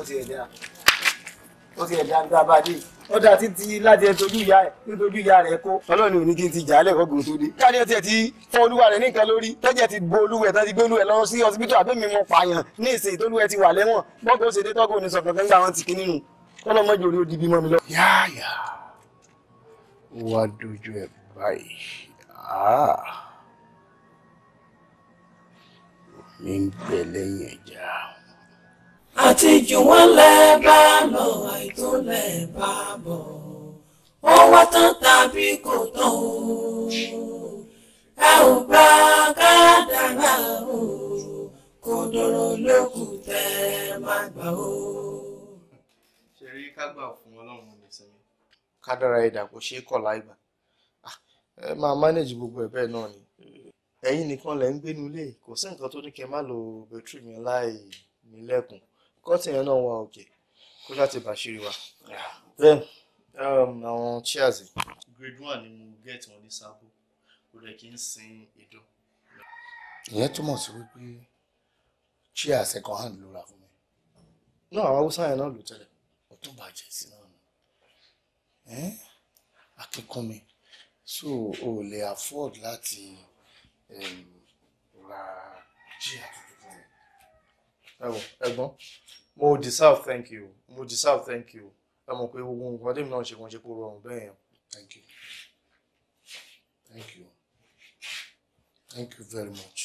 ó ti ẹ̀dá ó ti ẹ̀dá nígbà bá dé ó dá títí láti ẹtọ́jú ìyá ẹ̀ nítorí ìyá rẹ̀ kó ọlọ́run ò ní kí n ti jà á lẹ́kọ̀ọ́ gòtò dé. káàdì ọtí ẹ ti fọ olúwa rẹ ní lórí tọ́jà ti bo olúwẹ̀ tó ti gbé olúwẹ̀ lọ sí ọsibítù àbẹ́mi mọ pààyàn ní ìsìn ìtọ́lúwẹ̀ ti wà lẹ́wọ̀n bọ́ọ̀gù ó ṣe dé tọ́gù ní sọ̀tọ̀ fẹ́ńgbà wọn ti kí nínú kọ́lọ́mọ́jọ àti jù wọ́n lẹ̀ bá lọ àìtó lẹ̀ bá bọ̀ ó wá tán tàbí kò tán o ẹ ò gbà kádàrá o kò dọ̀rọ̀ lókù tẹ́ ẹ má gbà o. ṣe rí kágbà fún ọlọ́run ọ̀nà ìsinmi. kádàrá ẹ̀dà kò ṣeé kọ̀ láìgbà ẹ máa mánéjì gbogbo ẹ̀ bẹ́ẹ̀ náà ni ẹ̀yin nìkan lẹ̀ ń gbénu ilé kò sí nǹkan tó ní kẹ́ má lo bẹ̀tírì mi láì nílẹ̀kùn kọ́tìn yẹn náà wà òkè kó láti bàṣírí wa then um, àwọn chairs grade one ni mo get wọn ní sábò kò dẹ̀ kí n sin ìdó. ìyẹn túmọ̀ sí wípé chair second hand ló ra fún mi. náà àwọn haúsá yẹn náà lò tẹ́lẹ̀ ó tún bàjẹ́ sí náà nù. akẹ́kọ̀ọ́ mi so o lè afford láti ra chair tuntun ẹwọ ẹ̀gbọ́n mo deserve thank you mo deserve thank you ẹ mọ̀ pé gbogbo nǹkan tèmi náà ṣe kàn ṣe kó rọrùn bẹ́ẹ̀ yẹn. thank you thank you thank you very much.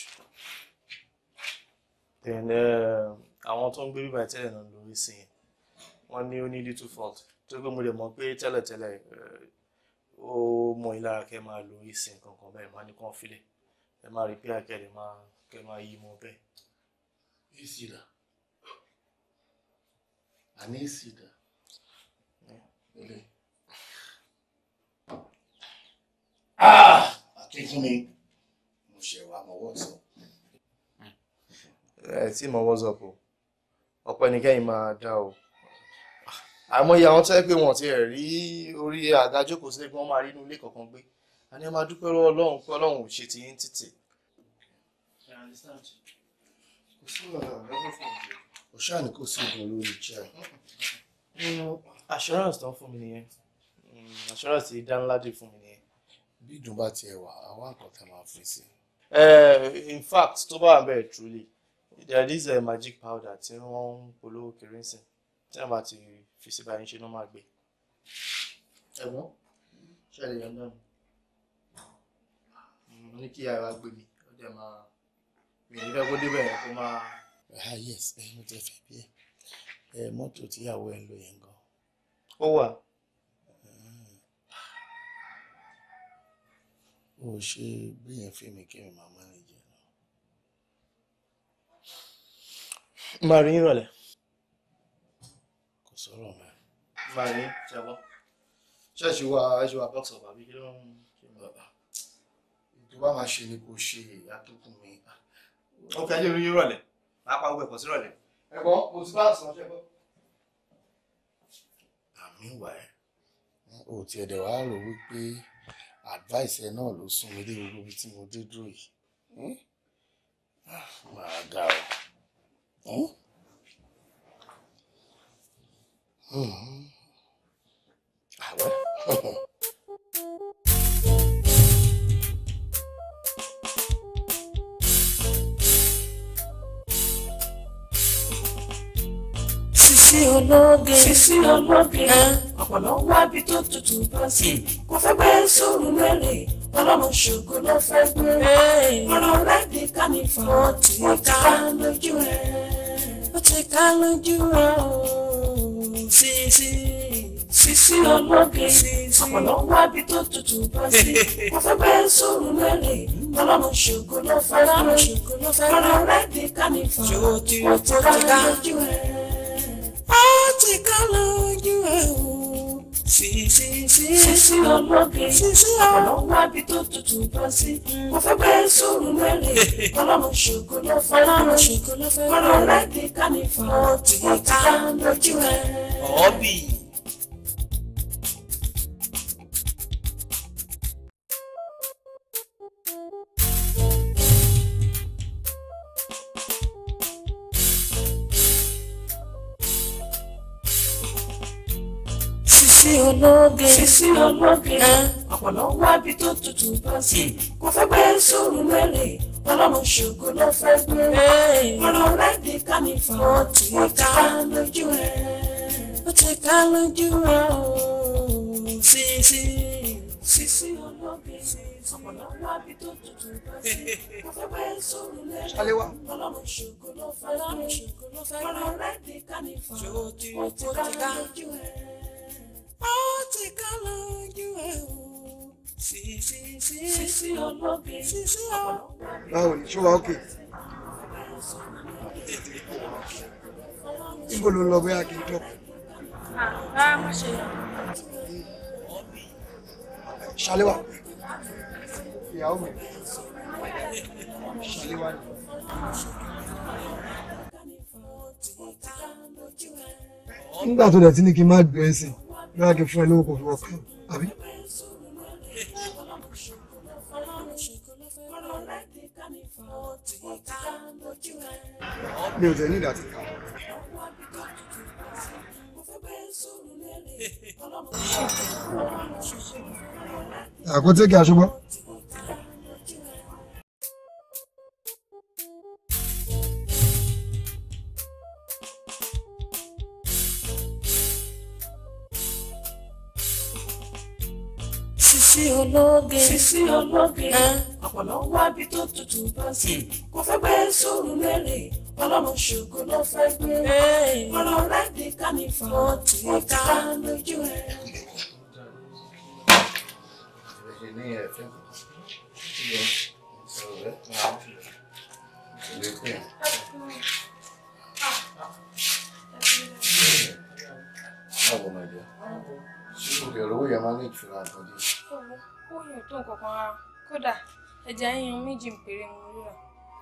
then eh, àwọn tó ń gbé bíbá ìtẹ́lẹ̀ náà lórí sí i wọ́n ní ó ní little fault tó gbé mo lè mọ̀ pé tẹ́lẹ̀tẹ́lẹ̀ eh, ó mọ ìlara kẹ́ máa lórí sí i kankan bẹ́ẹ̀ máa ní kàn fílẹ̀ ẹ máa rí pé àkẹ́lẹ̀ máa kẹ́ máa yí mọ́ bẹ́ẹ̀. Isida. An Isida. Yeah. Really? Ah! Akinkunmi. Mo ṣe wà mọ́ WhatsApp. Ẹ tí mo WhatsApp o. Ọ̀pọ̀ ẹnikẹ́yìn máa dá o. Àmọ́ iye àwọn tó yẹ pé wọ́n ti ẹ̀ rí orí àgájókòó sílé pé wọ́n máa rí inú ilé kọ̀ọ̀kan gbé. A ní ẹ máa dúpẹ́ lọ́wọ́ Ọlọ́run pé Ọlọ́run ti yín títì. I understand kò ṣáà ní kò sí ìdùn lórí chair. Mm, assurance tán fún mi nìyẹn mm, assurance ti dá ńlá dé fún mi nìyẹn. bí ìdùn bá tiẹ̀ wà àwa nǹkan tẹ máa fi sí. Eh, in fact tó bá wà bẹ́ẹ̀ truly there is a magic powder tí wọ́n ń polówó kiri ń sìn tí wọ́n bá ti fi sí báyìí ṣe ló máa gbé. ẹ̀gbọ́n ṣe lè yọ̀ǹda mi mm. mo ní kí ara gbé mi ó dẹ̀ máa mi ò ní fẹ́ kó débẹ̀ kó máa. ah yes ẹ mo ti fẹ́ bí ẹ mọ́tò tíyàwó ẹ lò yẹn gan. ó wà. o ṣe bí yẹn fi mi kí mi máa máa rìn jẹ lọ. máa rí ìrọ̀lẹ́. kò sọ̀rọ̀ mọ́. máa rí ṣẹ́gbọ́n ṣẹ́ẹ̀ṣì wa ẹ̀ṣẹ̀ wa bọ́ọ̀sì ọ̀bà bí kí ló ń ṣe bàbá. ìjọba máa ṣe ni kò ṣe àtúkùn mi ó fẹ́ jẹ́ oríyìn rọ̀lẹ́ máa pa gbogbo ẹ̀kọ́ sí rọ̀lẹ́. ẹ̀gbọ́n mo ti bá àsán ṣe gbọ́. àmì wà ẹ́ o tiẹ̀ dẹ̀ wá rò wípé advice ẹ náà ló sún mi dé gbogbo ibi tí mo dé dúró yìí ah, máa ga o. Hmm. àwẹ̀. <laughs> sísí ológe sísí ológe ọ̀pọ̀lọ́ wá bí tó tutù bá sí kò fẹ́ gbé sóòrù mẹ́rin ọlọ́run ṣògo ló fẹ́ gbé ọ̀rọ̀ rẹ̀ ní kánífà wọ́n ti ká lójú ẹ̀ wọ́n ti ká lójú ẹ̀ sísí sísí ológe ọ̀pọ̀lọ́ wá bí tó tutù bá sí kò fẹ́ gbé sóòrù mẹ́rin ọlọ́run ṣògo ló fẹ́ gbé ọ̀rọ̀ rẹ̀ ní kánífà wọ́n ti ká lójú ẹ̀ nìkan lójú ẹ̀ wò. Sísí sísí ọlọ́gẹ, sísí ọ̀rọ̀ wá bí tó tutù bọ́ sí. Mo fẹ́ bẹ́ẹ̀ sóòrùn mẹ́rin, <laughs> ọlọ́run ṣògo ló fẹ́, ọlọ́run ṣògo ló fẹ́, ọlọ́run láìpẹ́ ká ní fà, ó ti ká lójú ẹ̀. Ọ̀ọ́bì. ológe sísí ológe ọ̀pọ̀lọ́ wá bí tó tutù bá sí kò fẹ́ gbé sóòrùn mẹ́rin ọlọ́run ṣògo ló fẹ́ gbé ọ̀rọ̀ rẹ̀ di kánífà ó ti ká lójú ẹ̀ ó ti ká lójú ẹ̀ ó sísí sísí ológe ọ̀pọ̀lọ́ wá bí tó tutù bá sí kò fẹ́ gbé sóòrùn mẹ́rin ọlọ́run ṣògo ló fẹ́ gbé ọ̀rọ̀ rẹ̀ di kánífà ó ti ká lójú ẹ̀ ó ti ká lójú ẹ̀ o. Sisi ológe. Sisi ológe. Báwo ni ṣé wàá òkè? Níbo ló ń lọ bóyá kí n tọ́? Ah, rárá má ṣe lọ. Ṣaléwà. Ìyàwó mi. Ṣaléwà ni. Nígbà tó dẹ̀ tí ní kí n má gbé ẹ̀sìn yóò àjọ fún ẹ lówó kò fi wọ́pẹ́ àbí. mi ò tẹ̀lé ìdá ti kà á. ológe sísí ológe ọ̀pọ̀lọ́ wá bí tó tutù bá sí kò fẹ́ gbé sóòrù lérè ọlọ́mọ ṣògo ló fẹ́ gbé ọ̀rọ̀ rẹ́ẹ̀dì kánìfà wọ́n ti ká lójú ẹ̀. kódà ẹja yíyan méjì péré mo ríra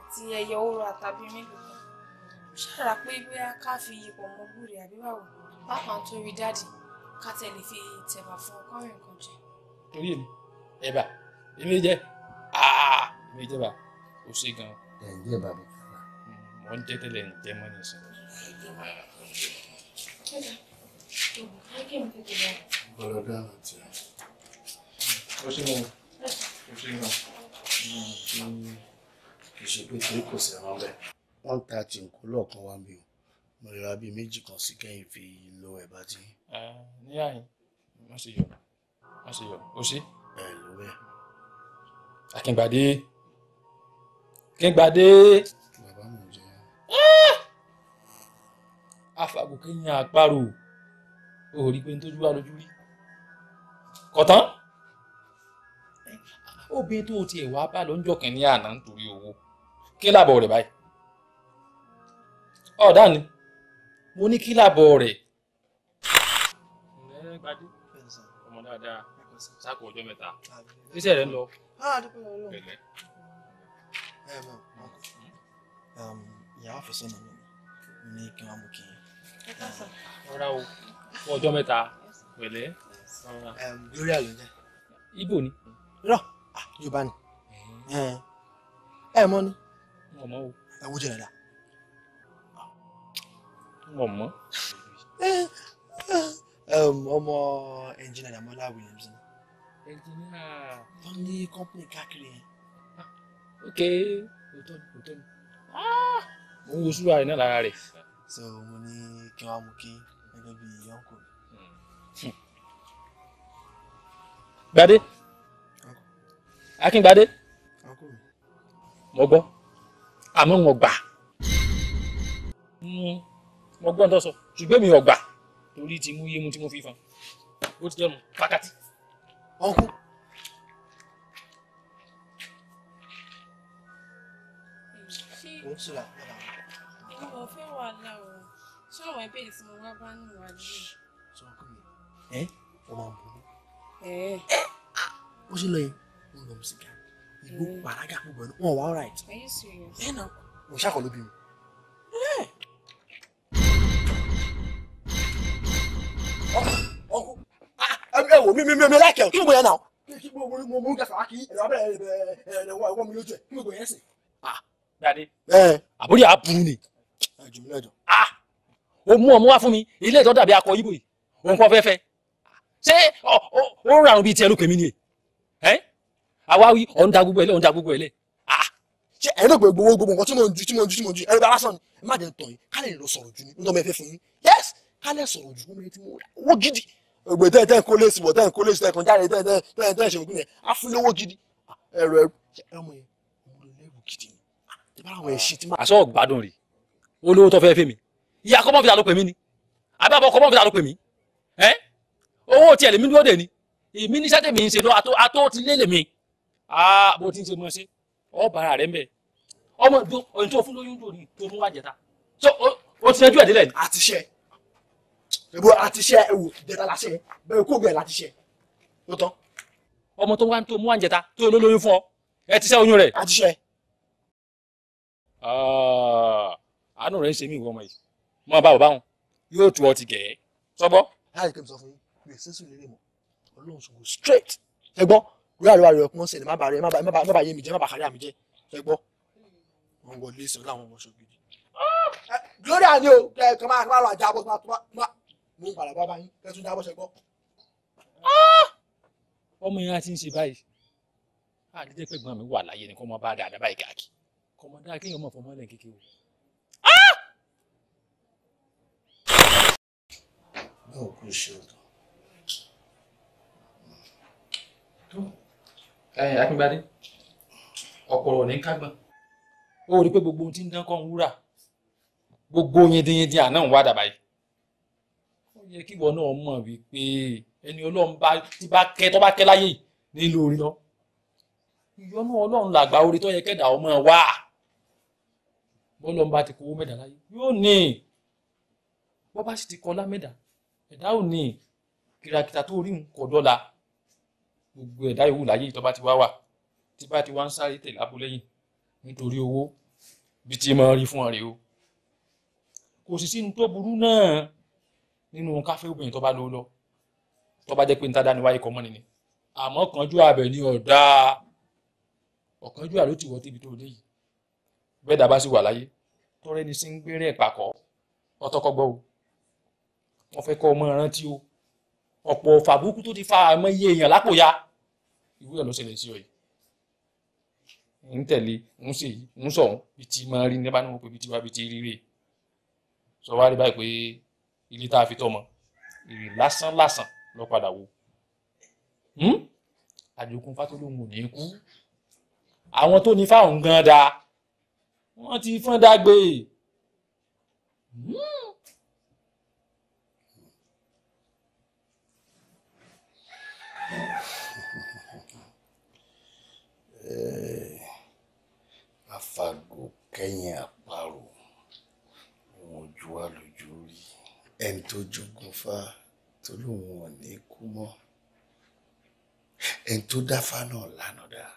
àti ẹyẹ oró àtàbí mélòó kan ṣàrà pé bóyá ká fi yípo ọmọ búrè àbí báwo pàápàá tó rí dáàdì ká tẹ̀lé fi tẹ̀bà fún ọkọrin nǹkan jẹ. torí èmi ẹ̀bà èmi jẹ́ èmi jẹ́bà ó ṣe gan-an. ẹ̀ ń jẹ́bà mo hmm, ń jẹ́ ń jẹ́ mọ́ ní bọ̀dọ̀ dáhùn tí a. ó ṣe mọ́ kì í ṣe pé torí kò sí ẹran bẹ́ẹ̀. wọ́n ta ti nǹkó lọ́ọ̀kan wá mi o mo lè ra bíi méjì kan sí kẹ́yìn fi lo ẹ̀bá tí. ní àyìn má ṣe yọ má ṣe yọ o ṣe. bẹ́ẹ̀ ló bẹ́ẹ̀. akíngbàdé kíngbàdé. bàbá mi ò jẹ. Ah! afagùnkè yan àparò o ò rí pé n tójú wà lójú rí kọ̀tán obìnrin tó o tiẹ̀ wá bá lọ́njọ́ kìíní àná nítorí owó kí làbọ̀ rẹ̀ báyìí ọ̀dà ni mo ní kí làbọ̀ rẹ̀. ẹ gbadé ọmọ dáadáa sáàkó ọjọ́ mẹ́ta iṣẹ́ rẹ̀ ń lọ. Ah, pẹ̀lẹ́. Um, ìyá ọ̀fíìsì náà ní kí wọ́n mú kí n. rárá o fún ọjọ́ mẹ́ta pẹ̀lẹ́. Um, lórí àlọ́ ibo ni. rọ yorùbá ni eh. Eh. ẹ mọ̀ ni. ọmọ wo. ẹ wo jẹ dada. Eh, um, ọmọ. ọmọ ẹnjìnà Dàmọ́lá Williams ni. ẹnjìnà. wọ́n ní kọ́mpìnì káàkiri yẹn. ok òótọ́ ni òótọ́ ni ah! mo ń wo sùúrù àrẹ lára rẹ̀. so mo ní kí wọ́n á mú kí gẹ́gẹ́ bí yọ̀ǹkù. Hmm. gbadé akíngbadé mo gbọ́ àmọ́ mo gbà hmm, mo gbọ́ ǹtọ́ sọ ṣùgbọ́n mi ò gbà torí ti mú yé mu tí mo fi fan bó ti jẹ́ nu pákàtì. ọkú. ṣé ìwọ fẹ́ wà láwọ ṣé àwọn ẹbí tí mo wá bá nù wá lórí. sọ ọkọ mi ẹ ọ máa ń bọ. ẹ ẹ ó sì lọ yìí lọ sika igbó paraga gbogbo ẹnu wọn wà all right. are you serious. ẹ na mo ṣàkọ ló bí mi. Ah, ẹ wò mí mi mi mi láìkẹ́ o kí gbogbo yẹn náà. kí gbogbo mo mú gàfà kí ẹ̀rọ abẹ́rẹ́ ẹ̀ ẹ̀ wọ́n mi lójú ẹ̀ kí gbogbo yẹn sìn. Ah, dade àbúrò yà á bu ni. Ah! o mú ọmọ wá fún mi ilé ìtọ́ dàbí akọ yíbo yìí òun kọ́ fẹ́fẹ́ ṣé ó ń ràrùn bíi tiẹ̀ lókè mi ni ẹ̀ àwa wí ọ̀n da gbogbo ẹ̀ lẹ̀ gbogbo ẹ̀ lẹ̀ ah. ṣé ẹ̀yin náà gbogbo gbogbo nǹkan tí mo ń ju tí mo ń ju tí mo ń ju ẹ̀rọ lásán ni ẹ má jẹ́ tọ̀ yín ká lè lọ sọ̀rọ̀ jù ní nítorí ẹ fẹ́ fún yín yes ká lè sọ̀rọ̀ jù mọ́ tí mo rà owó gidi ògbè tẹ́ tẹ́ kó lé síbọ̀ tẹ́ kó lé síbọ̀ tẹ́ jáde tẹ́ tẹ́ tẹ́ ṣe ògùn yẹn á fún lówó gidi ah! ẹ̀rọ ẹ̀rọ ẹ̀mọ yẹn mo lè lẹ́rù gidi ni ah! ẹ bá àwọn ẹ̀ṣin tí máa. àṣọ ọ̀gbádùn rè olówó tó fẹ́ fẹ́ mi ìyá kọ́mọ́ mí ni àbí àbọ̀ kọ́mọ́ fi ń ṣe lọ àtó ti lé lèmi bó ah, ti ń ṣe mọ́ ṣe ọ bàrà rẹ̀ mbẹ̀ ọmọ ìdó ọ̀yìn tó fún lóyún dò ní tó mú wájẹta so o ti yanjú ẹ̀ délẹ̀ ni. àti ṣe ìbò àti ṣe ewu jẹta láṣẹ bẹ́ẹ̀ kó gbẹ láti ṣe ló tán. ọmọ tó wá ń tó mú wájẹta tó lóyún fún ọ ẹ ti ṣe oyún rẹ. àti ṣe. àánú rẹ ń ṣe mí ìwọ ọmọ yìí mọ bá bàbá wọn yóò tu ọ ti gẹ̀ ẹ́ sọ́bọ́. láì kí n sọ fún yín gbèsè sùn lè lórí àríwá rẹ̀ ọkùnrin sẹ̀ má bàa rẹ̀ má bàa yé mi jẹ́ má bàa kárí àmì jẹ́ ẹ gbọ́ wọn wọlé sọ láwọn ọmọ ṣògidì. gloria ni o kàn máa máa lọ àjà bọ́ mú padà bá báyìí kẹ́tù jábọ́ ṣe gbọ́. Ah! ọmọ yẹn ti ń ṣe báyìí àdíjẹ́ pé gbọ́n mi wà láyé ni kò mọ bá dáadáa báyìí káàkiri kò mọ dáa kéèyàn mọ̀ fọmọ́lẹ̀ kékeré. Ah! báwo kò ṣe ọ̀tọ̀ ẹ̀yìn akíngbádé ọ̀pọ̀rọ̀ ní kágbọ́n ó rí pé gbogbo ohun tí ń dán kọ́ ń wúrà gbogbo yindiyindi àná ń wá dàbà yìí ó yẹ kí ìwọ náà mọ̀ wípé ẹni ọlọ́run bá ti bá kẹ́ tó bá kẹ́ láyé yìí nílò orí lọ ìyọnú ọlọ́run làgbà orí tó yẹ kẹ́dà ọmọ wa bọ́lọ́run bá ti kówó mẹ́dà láyé yóò ní bọ́ bá sì ti kọlá mẹ́dà ẹ̀dá ò ní kìràkìtà tó rí nǹkan dọ́là gbogbo ẹ̀dá yòówù láyé ìtọ́ba ti wá wà tí bá ti wá ń sáré tẹ̀ lábò lẹ́yìn nítorí owó bí ti máa rí fún ọ̀rẹ́ o kò sì sí ní tó burú náà nínú káfí obìnrin tó bá lówó lọ tó bá jẹ́ pé níta dání wáyé kọ́ mọ́ni ni àmọ́ kánjú àbẹ̀ ni ọ̀dà ọ̀kánjú àló ti wọ́ débi tó dé yìí bẹ́ẹ̀ dábàá sì wà láyé tọ́rẹ́ ni sí ń gbé rẹ̀ pàkọ́ ọtọ́kọ́gbọ́ o wọ́n fẹ́ kọ́ ọmọ rántí o ọ̀pọ̀ fàbùkù tó ti fa àmọ́ iye èèyàn lápòya irú ẹ̀ ló ṣẹlẹ̀ sí ọ yìí ń tẹ̀lé ń ṣe yìí ń sọ̀hún bí ti máa rí nípa níwọ̀n pé bí ti wá bí ti rí rè sọ wá rí báyìí pé ilé tá a fi tọ́ mọ èrè lásán lásán lọ padà wò àjòkun fátólóhùn ò ní kú àwọn tó ní fáwọn gan da wọ́n ti fọ́n dágbé. Mm. kẹ́yìn àparò òun ojú wa lójú rí ẹni tó jogun fa tó lóun ò ní kú mọ́ ẹni tó dáfá náà lánàá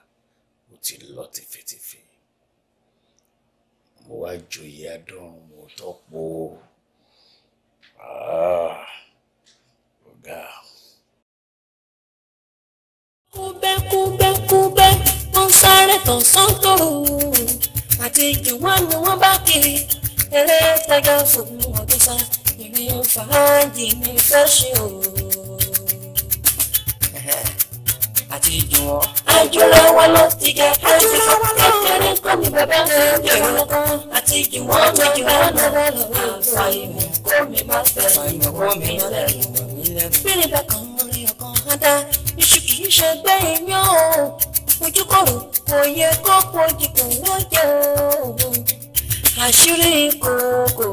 ó ti lọ tìfetìfe mo wá joyè adọ́run mo tọ́pọ̀ ah, ọ̀gá. kúbẹ́kúbẹ́kúbẹ́ wọ́n sáré tọ̀sán tòru àtijọ́ wọn ni wọ́n bá kiri eré tẹ́gà fún ọ̀gbẹ́sà ìrìn fàájì ní fẹ́ ṣe o. àtijọ́ wọn. àjùlọ wọn ló ti jẹ káyọ̀tì kékeré kọ́ ni bàbá rẹ̀ ń jẹun lọ́kọ́ àtijọ́ wọn ló jẹ wọn lọ́wọ́ lọ́wọ́ àfàìmọ̀ kó mi má fẹ́ràn ìyọ̀kọ́ mi lẹ́nu. bí ni bẹ́ẹ̀ kan mo rí ọkàn ádá iṣu kì í ṣe gbẹ̀yìn yóò fojú kòrò kò yẹ kó fojú kò ló jẹ òun àṣírí kòkò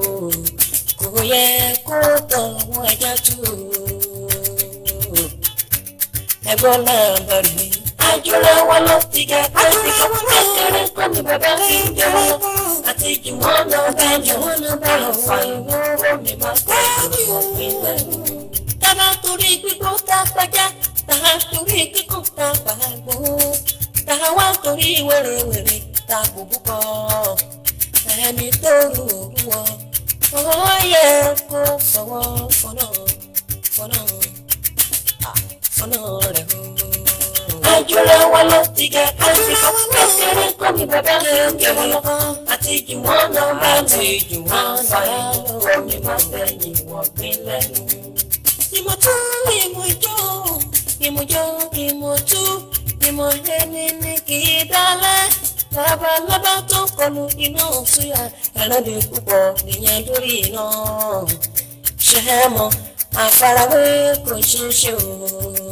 kò yẹ kó tọ̀wọ́ ẹja tú ẹ̀gbọ́n náà bẹ̀rù mi. àjùlọ wọn ló ti ga pẹ́sì kọ́kọ́ kéré pẹ́mi bàbá fi ń jẹ wọn àti jù wọn lọ bá jù wọn lọ bá lọ fà ìwọ owó mi máa tẹ̀ ọ́ ìwé. tábà torí gbígbó tá a pàjá tàà torí kíkó tá a pàgbó tàà wá torí wèrèwèrè ta kò búkọ ẹni tó rù òru wọ ọwọ́ yẹ kó fọwọ́ fọnà fọnà fọnà rẹ̀ hàn. àjùlọ wọn ló ti jẹ àìsíkọ kékeré kọ́ ni bàbá mi ń jẹ wọn lọ àti jù wọn lọ bá mi jù wọn lọ kó mi má fẹ̀yìn wọ́n gbé lẹ́nu. ìmọ̀tún ìmọ̀ ìjọ ìmọ̀jọ ìmọ̀tún tí mo yé ní ní kì í dálẹ̀ labalábá tó kọlu iná òṣùyà ẹlẹ́bi púpọ̀ nìyẹn lórí iná ṣe é mọ àfarawé kò ṣeé ṣe o.